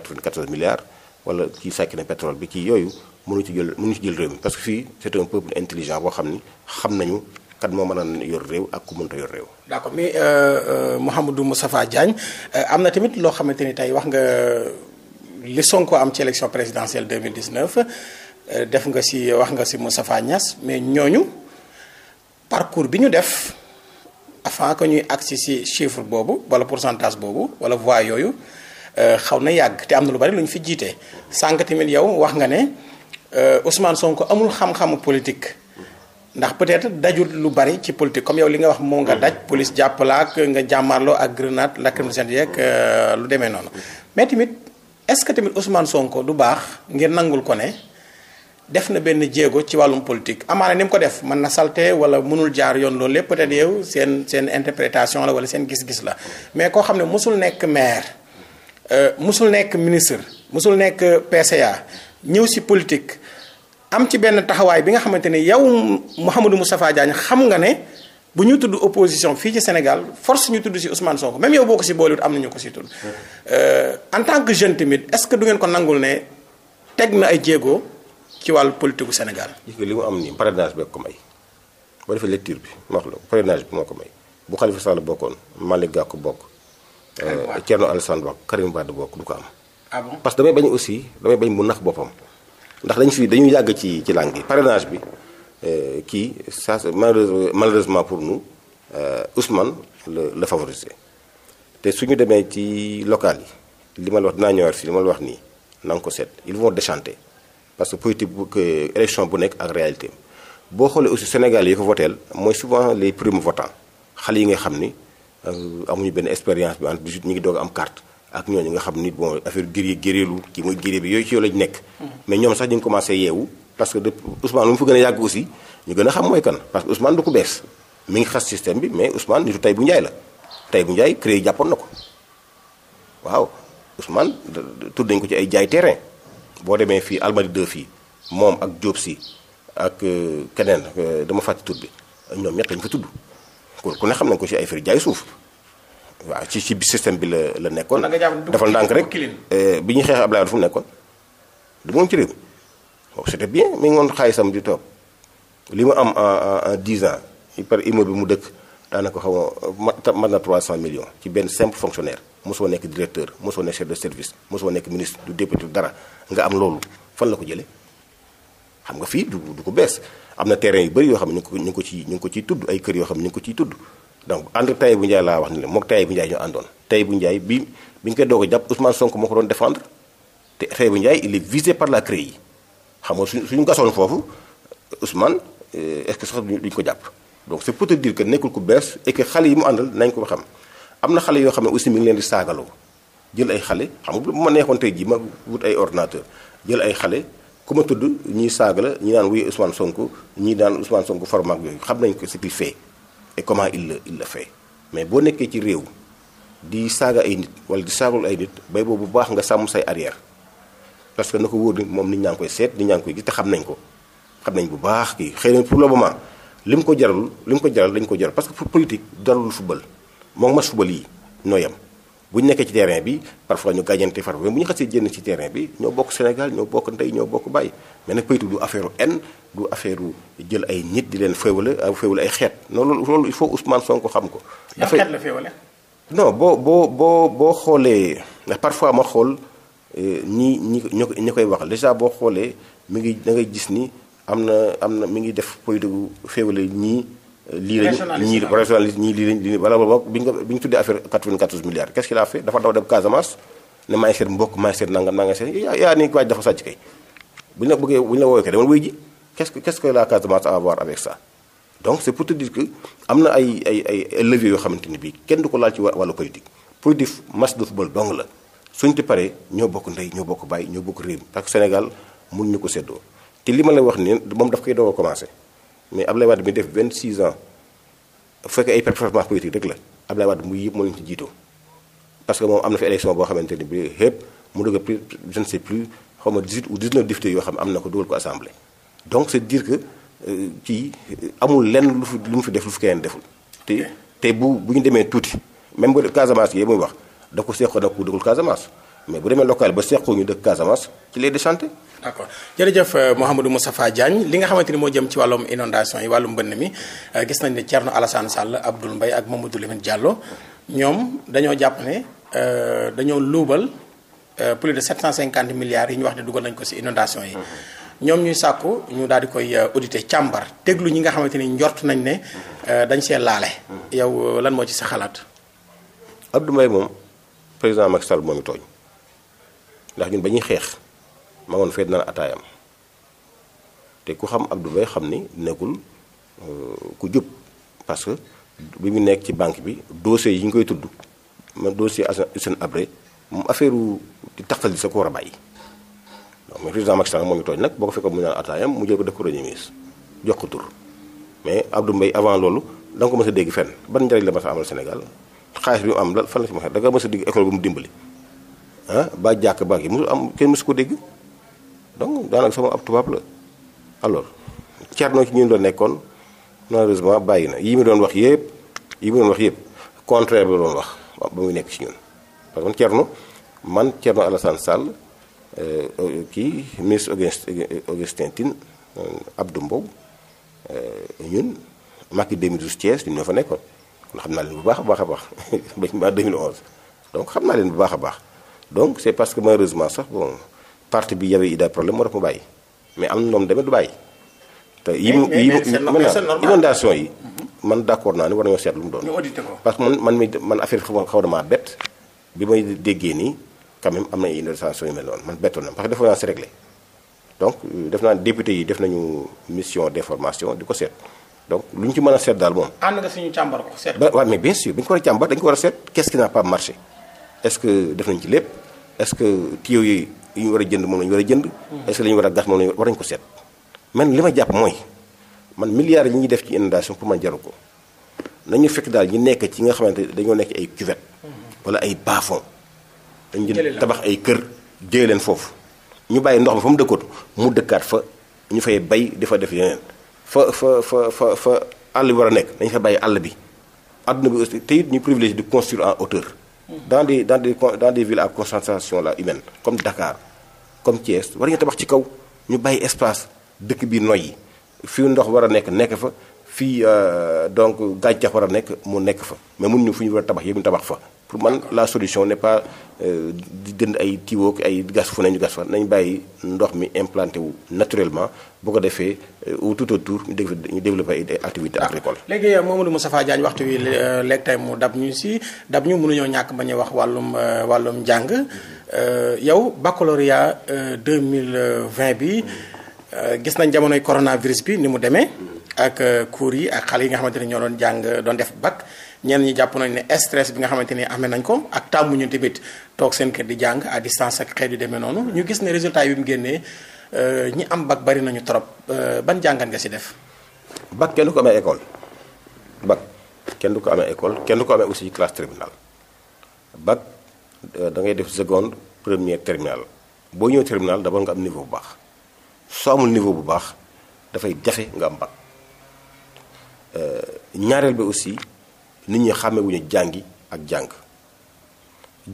Speaker 2: milliards wala kii sàcc na pétrole bi kii yooyu mënu ci jël mënu ci jël réew mi parce que fii c'est un peuple intelligent boo xam ni xam nañu kan moo mën a yor réew ak ku mënta yor réew.
Speaker 1: d'accord mais euh, euh, Mouhamadou Moustapha Diagne euh, am na tamit loo xamante ni tey wax nga li Sonko am ci élection présidentielle 2019 def nga si wax nga si Moustapha ñas mais ñooñu parcours bi ñu def avant que ñuy acci si chiffre boobu wala pourcentage boobu wala voix yooyu xaw na yàgg te am na lu bari lu ñu fi jiite. sànq tamit yow wax nga ne Ousmane sonk amul xam-xamu politique. ndax peut-être dajul lu bari ci politique comme yow li nga wax moo nga hmm. daj police jàppala ak nga jàmmaarloo ak grenade lacrymogène yeeg euh, lu demee noonu mais tamit est-ce que tamit Ousmane Sonko du baax ngir nangul ko ne def na benn jéego ci wàllum politique amaana ni mu ko def mën na salte wala mënul jaar yoon loolu lépp peut-être seen seen interprétation la wala seen gis-gis la mais koo xam ne mosul nekk maire euh, musul nekk ministre mosul nekk PCA ñëw si politique am ci benn taxawaay bi nga xamante ne yow Mouhamadou Moustapha Diagne xam nga ne bu ñu tudd opposition fii ci Sénégal force ñu tudd si Ousmane Sonko même yow boo ko si boolewut am na ñu ko si tudd. Euh, en tant que jeune tamit est-ce que du ngeen ko nangul ne teg na ay jéego ci wàllu politique gu Sénégal.
Speaker 2: li mu am nii parrainage bi ko may boo defee lecture bi ma wax la parrainage bi moo ko may bu Khalifa Sall bokkoon Malick Gakou bokk. Euh, Thierno Alassane bokk Karim Wade bokk du ko am. ah bon que damay aussi damay bañ mu nax boppam. ndax dañu fi dañu yàgg ci ci langue yi parrainage bi euh, kii ça malheureusement pour nous euh, Ousmane la la favoriser te suñu demee ci local yi li ma la wax dinaa ñëwaat fii li ma wax nii na nga ko seet ils vont déchanter parce que politique bu élection bu nekk ak réalité boo xoolee aussi Sénégal yi ko voteel mooy souvent les primo votants xale yi nga xam ni euh, amuñu benn expérience bi en 18 ñu ngi doog am carte ak ñooñu nga xam ni bon affaire géré géréelu kii mooy géré bi yooyu ci yow lañ nekk. mais ñoom sax dañ commencé yeewu parce que de Ousmane lu mu fa gën a yàgg aussi ñu gën a xam mooy kan parce que Ousmane du ko bees mi ngi xas système bi mais Ousmane nitu tey bu njaay la tey bu njaay créé jàppoon na ko waaw Ousmane tudd nañ ko ci ay jaay terrain boo demee fii Almadi 2 fii moom ak jóob si ak euh, keneen euh, dama fàtte tur bi ñoom ñett lañ fa tudd kon ku ne xam nañ ko ci ay fir jaay suuf. waaw ci ci système bi la la nekkoon. defal ndànk rek eh, bi ñuy xeex Ablaye fu mu nekkoon. du moom ci réew mi boobu c'était bien mi ngi woon xaalisam di toog li mu am en en dix ans par immeuble bi mu dëkk daanaka xaw ma mat na 300 millions ci benn simple fonctionnaire mosoo nekk directeur mosoo nekk chef de service mosoo nekk ministre du député dara nga am loolu fan la ko jëlee. xam nga fii du du ko bees am na terrain yu bëri yoo xam ne ñu ngi ko ñu ko ci ñu ko ciy tudd ay kër yoo xam ne ñu ngi ko ciy tudd donc ànd tay bu Ndiaye laa wax ni la mook tay bu Ndiaye ñoo àndoon tay bu Ndiaye bi bi ñu koy doog a jàpp Ousmane Sonko moo ko doon défendre te tay bu Ndiaye il est visé par la CREI xam nga suñ suñu gasoon foofu Ousmane euh, est-ce que sax duñ ko jàpp donc c'est pour te dire que nekkul ku bees et que xale yi mu àndal nañ ko xam am na xale yoo xam ne aussi mi ngi leen di saagaloo jël ay xale xam nga bu ma neexoon tey jii ma wut ay ordinateur jël ay xale ku ma tudd ñii saaga la ñi naan wuy Ousmane Sonko ñii daan Ousmane Sonko formaak yooyu xam nañ ko ce qu'il fait et comment il le il le fait mais boo nekkee ci réew di saaga ay nit wala di saagul ay nit bay boobu bu baax nga sàmm say arrière parce que na ko wóor ni moom nit ñaa ngi koy seet nit ñaa ngi koy gis te xam nañ ko xam nañ bu baax kii xëy na pour le moment li mu ko jarul li mu ko jaral lañ ko jaral parce que pour politique darul football moom match football yi ñoo yem bu ñu nekkee ci terrain bi parfois ñu gàññante far mais bu ñu xasee génn ci terrain bi ñoo bokk Sénégal ñoo bokk ndey ñoo bokk bàyyi mais nag politique du affaire n du affaire jël ay nit di leen féewale ay féewale ay xeet noonu loolu loolu il faut Ousmane Sonko xam ko.
Speaker 1: dafay xeet la féewale
Speaker 2: non boo boo boo boo xoolee ndax parfois ma xool nii euh, ñi ñi koy wax déjà boo xoolee mi ngi da gis ni am na am na mi ngi def politique bu féewale ñii. lii lañu ñii lii lañu lii wala boog bi ñu ko bi ñu tuddee affaire 94 milliards qu'est-ce qu'il a fait dafa daw dem Casamance ne maa seet mbokk maa ngi seet nangam maa ngi seet yaa ni waaj dafa sàcc kay bu ñu la bëggee bu ñu la woowee kay dama wuy ji yoo xamante ni bii kenn du ko laal ci wàllu politique politique match de football dong la suñ ci paree ñoo bokk ndey ñoo bokk bàyyi ñoo bokk réew parce que Sénégal mun ñu ko séddoo te li ma la wax nii moom daf koy doog commencé mais Abdoulaye Wade mi def 26 ans bu fekkee ay performance politique rek la Abdoulaye Wade mu yëpp moo leen ci jiitu parce que moom am na fi élection boo xamante ni bi yëpp mu dugg plus je ne sais xaw ma 18 ou 19 députés yoo xam am na ko dugal ko assemblée donc c'est dire que euh, kii amul lenn lu fi lu mu fi def lu fi keneen deful te te bu bu ñu demee tuuti même bu Casamance yi muy wax da ko seqoon ak ku dugul Casamance mais bu demee local ba seqoo ñu dëkk Casamance ci lay
Speaker 1: déchanté d' accord jërëjëf euh, Mouhamadou Moustapha Diagne li nga xamante ni moo jëm ci wàllu inondation yi wàllum mbënn mi euh, gis nañ ne Thierno Alassane Sall Abdoul Mbaye ak Mamadou Lamine Diallo ñoom dañoo jàpp ne euh, dañoo luubal plus de 750 milliards yi ñu wax ne dugal nañ ko si inondation yi. ñoom ñuy sàkku ñu daal di koy auditer càmbar déglu ñi nga xamante ni njort nañ ne dañ see laale. yow lan moo ci sa xalaat.
Speaker 2: Abdou Mbaye moom président Macky Sall moomi tooñ ndax ñun ba ñuy xeex. ma woon fee naan ataayam te ku xam Abdou Mbaye xam ni nekkul euh, ku jub parce que bi mu nekk ci banque bi dossier yi ñu koy tudd man dossier Hissène Habré moom affaire di taqal di sa ko war a bàyyi. donc mais président Macky Sall moo ñu nag boo ko fekkoon mu naan ataayam mu jël ko def ko premier ministre jox ko tur mais Abdou Mbaye avant loolu da nga ko mës dégg fenn ban njëriñ la mës a amal Sénégal xaalis bi mu am lan fan la ci mën a da nga mës a dégg école bi mu dimbali ah ba jàkk ba gi mu am kenn mësu ko dégg. donc daanaka sama ab tubaab la alors Thierno ci ñun la nekkoon malheureusement bàyyi na yii mu doon wax yëpp yi mu doon wax yëpp contraire bi doon wax ba muy nekk ci ñun parce que Thierno man Thierno Alassane Sall euh, euh, kii ministre Augustin Tine euh, Abdou Mbow ñun Macky 2012 Thiès ñun ñoo fa nekkoon kon xam naa leen bu baax a baax a baax ba 2011 donc xam naa leen bu baax a baax donc c'est parce que malheureusement sax bon parti bi y'avait eu des problèmes moo def mu bàyyi mais am na ñoom demee du bàyyi. te yi mu yi mu inondation yi. Mhm. man d' accord naa ne war nañoo seet lu mu doon. ñu audité ko parce que man man man affaire xaw damaa bett bi may déggee nii quand am na ay inondation yu mel noonu man bettoon na parce que dafa naa si donc def naa député yi def nañu mission d' information di ko seet donc lu ñu ci mën a seet daal moom.
Speaker 1: ànd suñu càmbar ko
Speaker 2: seet. waaw mais bien sûr bi ñu ko war a càmbar dañu ko war a seet qu' est n' a pas marché est ce que def nañu ci lépp est ce que tuyaux yi yu ñu war a jënd moom la war a jënd. Hmm. est-ce ñu war a gas moom la ñu war nañu ko seet. man li ma jàpp mooy man milliards yi ñuy def ci inondation pour man jaru ko nañu fekk daal ñu nekk ci nga xamante dañoo nekk ay cuvette hmm. wala ay bas-fonds. dañu jënd tabax ay kër jëye leen foofu. ñu bàyyi ndox mi fa mu dëkkoon mu dëkkaat fa ñu fay bay di fa def yeneen fa fa fa fa àll bi war a nekk dañu fa bàyyi àll bi. àdduna bi aussi te it ñu privilégié di construire en hauteur. dans des dans des dans des villes à concentration la humaine comme Dakar comme Thiès war nga tabax ci kaw ñu bàyyi espace dëkk bi noyyi fi ndox war a nekk nekk fa fii euh, donc gàncax war a nekk mu nekk fa mais mun ñu fu ñu war a tabax yëpp ñu tabax fa pour man la solution n'est pas euh, di dënd ay tiwo ay gas fu nañu gas fa nañu bàyyi ndox mi implanté wu naturellement boo ko defee euh, au tout autour ñu développé ay activités agricoles.
Speaker 1: léegi euh, Mamadou Moustapha Diagne waxtu wi léegi tey mu dab ñu si dab ñu mënuñoo ñàkk bañ wax wàllum wàllum njàng yow baccalauréat 2020 bi gis nañ jamonoy coronavirus bi ni mu demee. ak cours yi ak xale yi nga xamante ne ñoo doon jàng doon def bac. ñeen ñi jàpp nañ ne stress bi nga xamante ni amee nañ ko ak tàmmuñu tamit toog seen kër di jàng à distance ak xeet yu demee noonu ñu gis ne résultat yi mu génnee euh, ñi am bac bari nañu trop euh, ban jàngat nga si def. bac kenn du ko amee école
Speaker 2: bac kenn du ko amee école kenn du ko amee aussi classe terminale bac euh, da ngay def seconde première terminale boo ñëw terminale d'abord nga am niveau bu baax soo amul niveau bu baax dafay jafe nga am bac ñaareel bi aussi. nit ñi xàmmewuñu jàngi ak jàng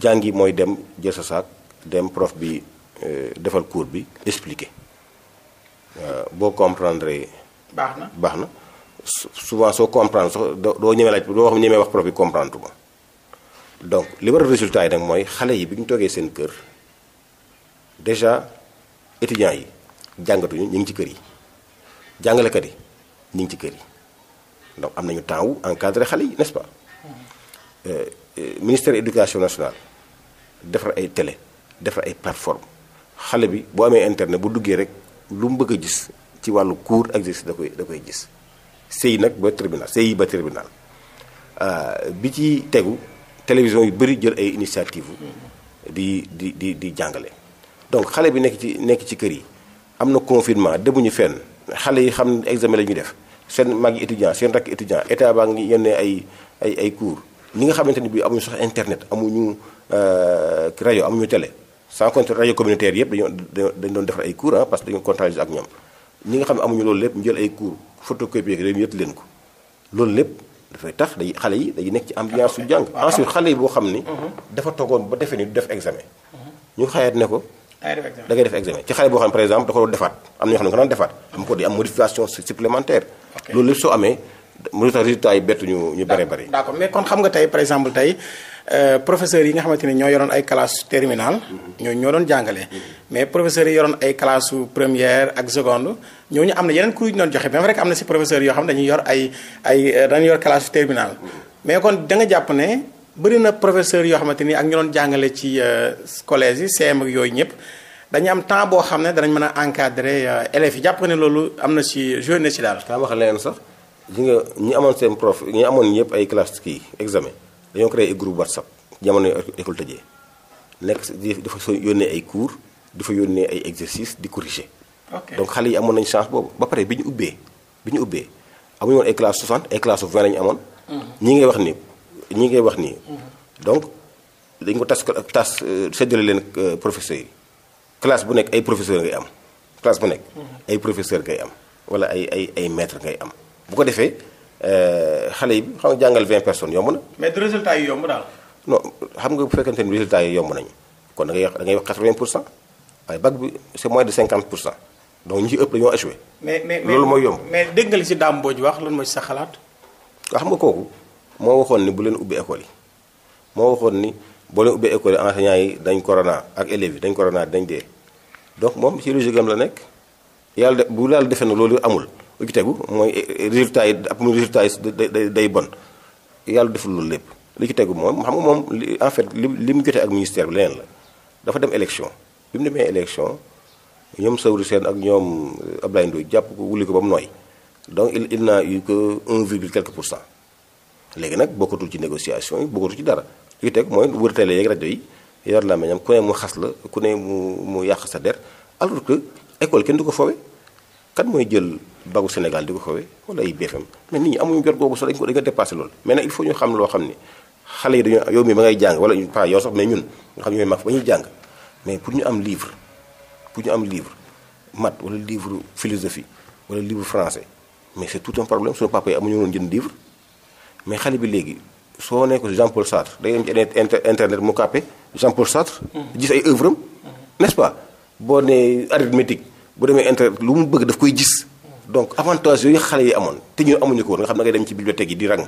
Speaker 2: jàngi mooy dem jël sa saak dem prof bi euh, defal cours bi expliquer euh, boo comprendre. baax na baax na souvent soo comprendre soo doo ñemee laaj doo xam ñemee wax prof bi comprendre ma donc li war résultat yi nag mooy xale yi bi ñu toogee seen kër déjà étudiants yi jàngatuñu ñu ngi ci kër yi jàngalekat yi ñu ngi ci kër yi. ndax am nañu temps encadré xale yi n'est-ce pas euh, euh, ministère éducation nationale defar ay télé defar ay plateforme xale bi boo amee internet bu duggee rek lu mu bëgg a gis ci wàllu cours ak exercice da da koy gis sëy nag ba tribunal sëy yi ba tribunal euh, bi ci tegu télévision yu bëri jël ay initiative di di di di jàngale donc xale bi nekk ci nekk ci kër yi am na confinement demuñu fenn xale yi xam examen la def seen mag yi étudiant seen rakk étudiant état baa ngi yónnee ay ay ay cours ñi nga xamante ni bii amuñu sax internet amuñu euh, rajo amuñu télé sans compter rajo communautaire yëpp dañoo dañ doon defar ay cours ah parce que dañoo contagié ak ñoom ñi nga xam ne amuñu loolu lépp ñu jël ay cours photocopier leen yëpp leen ko loolu lépp dafay tax day xale yi day nekk ci ambiance su jàng ensuite xale yi boo xam ni mhm. dafa toogoon ba defee ni du def examen mhm. ñu xayaat ne ko da ngay def examen ci xale boo xam loolu lépp soo amee mu tax résultat yi bettu ñu ñu bare bari.
Speaker 1: d'accord mais kon xam nga tey par exemple tey euh, professeurs yi nga xamante ne ñoo yoroon ay classes terminale mm-hmm. ñooñu ñoo doon jàngale. Mm-hmm. mais professeurs yoroon ay classes première ak seconde ñooñu am na yeneen cours ñu doon joxe même rek am na si professeurs yoo xam dañuy yor ay ay euh, dañuy yor classe terminale mm-hmm. mais kon da nga jàpp ne bëri na professeurs yoo xamante ni ak ñu doon jàngale ci euh, collège yi yooyu ñëpp. dañu am temps boo xam ne danañ mën a encadrer euh, élèves yi jàpp ne loolu am na si joué na si daal. kaa wax leen sax
Speaker 2: ji nga ñi amoon seen prof ñi amoon ñëpp ay classe kii examen dañoo créé ay groupe whatsapp jamono école tëjee nekk dafa soo yónnee ay cours dafa yónnee ay exercices di corriger. donc xale yi amoon nañu chance boobu ba pare bi ñu ubbee bi ñu ubbee amuñu woon ay classe 60 ay classe amoon. Mhm. ñi ngay wax nii ñi ngay wax nii. Mhm. donc dañ ko tas tas séddale leen euh, professeurs yi. classe bu nekk ay professeur ngay am classe bu nekk. ay professeur ngay am wala ay ay ay maître ngay am bu ko defee euh, xale yi xam nga jàngal 20 personnes yomb na.
Speaker 1: mais de résultat yi yomb daal.
Speaker 2: non xam nga bu fekkente ni résultat yi yomb nañu kon da ngay wax da ngay wax 80 pour cent waaye bac bi c'est moins de 50 pour cent donc ñi ci ëpp dañoo échoué.
Speaker 1: mais mais loolu mooy yomb. mais dégg nga li ci Dame Mbodj wax lan mooy sa xalaat.
Speaker 2: waaw xam nga kooku moo waxoon ni bu leen ubbi école yi moo waxoon ni. boo leen ubbee école enseignants yi dañ korona ak élèves yi dañ corona dañ dee donc moom ci logique la nekk yàlla de bu yàlla defee na loolu amul lu ci tegu mooy eh, résultat yi ab résultat yi day bon yàlla deful lépp lu ci tegu moom xam nga moom li en fait li lim mu jotee ak ministère bi leneen la dafa dem élection bi mu demee élection ñoom Saourou Sène ak ñoom eh, Ablaye Ndoye jàpp ko wuli ko ba mu nooy donc il il n'a eu que un virgule quelque pour cent léegi nag bokkatul ci négociation yi bokkatul ci dara yu teg mooy wër télé yeeg rajo yi yor la meñam ku ne mu xas la ku ne mu yàq sa der alors que école kenn du ko foowe kan mooy jël bagu Sénégal di ko foowe wala ay BFM mais nit ñi amuñu jot boobu sax dañ ko dañ ko dépassé loolu mais nag il faut ñu xam loo xam ni xale yi dañu yow mi ba ngay jàng wala pas yow sax mais ñun nga xam ñooy mag ba ñuy jàng mais pour ñu am livre pour ñu am livre math wala livre philosophie wala livre français mais c'est tout un problème suñu papa soo nekkul Jean Paul Sartre day dem ci internet mu kàppe Jean Paul Sartre. gis ay œuvre am. nest pas boo nee arithmétique bu demee internet lu mu bëgg daf koy gis. donc avantage yooyu xale yi amoon te ñu amuñu ko woon nga xam na ngay dem ci bibliothèque yi di rang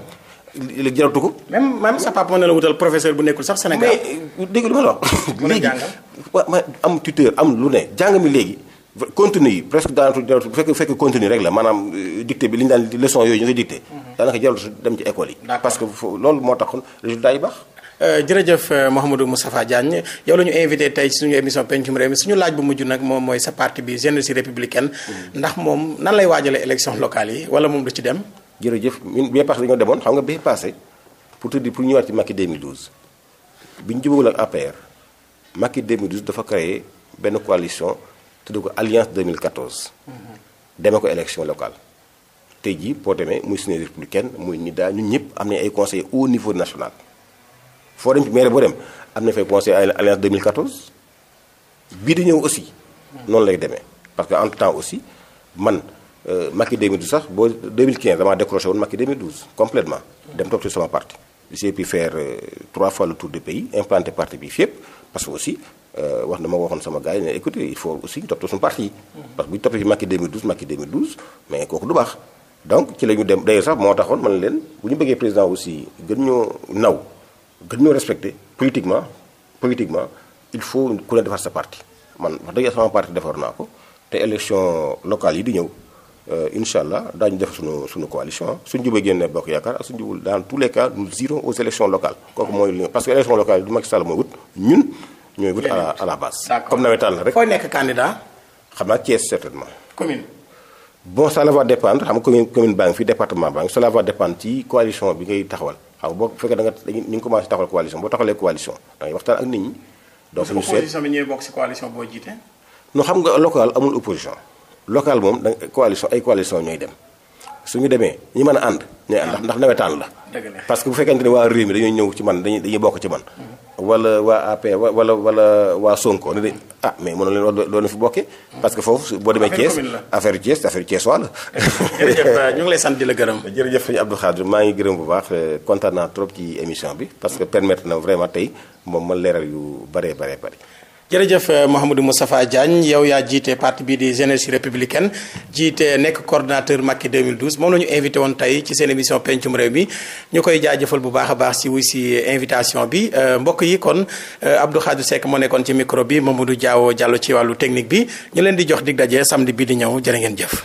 Speaker 1: léegi jaratu ko. même même sa papa mën na la wutal professeur bu nekkul sax Sénégal. mais euh, dégg lu ma la wax. léegi
Speaker 2: am tuteur am lu ne jàng mi léegi. contenu yi presque daanaka bu fekkee fekk fekkee rek la maanaam euh, dicté bi li ñu daan leçon yooyu ñu koy
Speaker 1: dicté. Mhm. daanaka jarul dem ci école yi. parce que loolu moo taxoon résultat yi baax. Euh, jërëjëf euh, Mouhamadou Moustapha Diagne yow la ñu invité tey suñu émission pencum réew mi suñu laaj bu mujj nag moom mooy sa parti bi Génération républicaine mhm. ndax moom nan lay waajalee élection locale yi wala moom du ci dem. jërëjëf ñun bi passé dañoo demoon xam nga bi passé pour te dire pour ñëwaat ci Macky 2012
Speaker 2: bi ñu jubagul ak APR Macky 2012 dafa créé benn coalition. tudd ko alliance 2014. deme ko élection locale. tey jii boo demee muy suñu républicaine muy NIDA ñun ñëpp am nañ ay conseils au niveau national. foo dem ci maire boo dem am na fay conseil alliance 2014 bii di ñëw aussi. noonu lay demee parce que entre temps aussi man euh, Macky 2012 sax boo 2015 damaa décroché woon Macky 2012 complètement dem toog ci sama parti. j'ai pu faire euh, trois fois le tour de pays implanter parti bi fépp parce que aussi Euh, wax na ma waxoon sama gars yi ne écoutez il faut aussi ñu topp suñu parti parce que bu ñu toppee Macky 2012 Macky 2012 mais kooku du baax donc ci la ñu dem d'ailleurs sax moo taxoon man leen bu ñu bëggee président aussi gën ñoo naw gën ñoo respecté politiquement politiquement il faut ku ne defar sa parti man wax dëgg sama parti defar naa ko te élection locale yi di ñëw euh, incha allah daañu def suñu suñu coalition suñu jubee génne bokk yaakaar ak suñu jubul dans tous les cas nous irons aux élections locales kooku mooy li parce que élection locale du Macky Sall mooy wut ñun ñooy wut à la à la
Speaker 1: base. comme nawetaan la rek. fooy nekk candidat.
Speaker 2: xam naa Thiès certainement. commune. bon ça la va dépendre xam nga commune commune baa ngi fi taxawal ñu ngi commencé coalition boo taxawalee coalition da waxtaan ak nit ñi. donc xam nga local amul opposition. local moom da coalition ay coalition ñooy dem suñu demee ñi mën a ànd. ñooy ànd ndax nawetaan la. parce que bu fekkente ne waa réew mi dañuy ñëw ci man dañuy bokk ci man. Mm-hmm. wala waa AP wala wala waa Sonko ne dañ ah mais mënoon leen wax doo leen fi bokkee parce que foofu boo demee Thiès affaire Thiès affaire Thiès waa la. jërëjëf euh, ngi lay sant di la gërëm. jërëjëf sëñ Abdou Khadre maa ngi gërëm bu baax euh, kontaan naa trop ci émission bi parce que permettre na vraiment tey moom ma leeral yu bëree bëree bëri.
Speaker 1: jërëjëf euh, Mouhamadou Moustapha Diagne yow ya jiite parti bii di jeunesse républicaine jiite nekk coordonnateur Macky 2012 moom la ñu invité woon tey ci seen émission pencum réew bi ñu koy jaajëfal bu baax a baax si wuy si euh, invitation bi euh, mbokk yi kon Abdou Khadou sekk moo nekkoon ci micro bi du jaawoo jàll ci wàllu technique bi ñu leen di jox dig daje samedi bii di ñëw jërë ngeen jëf.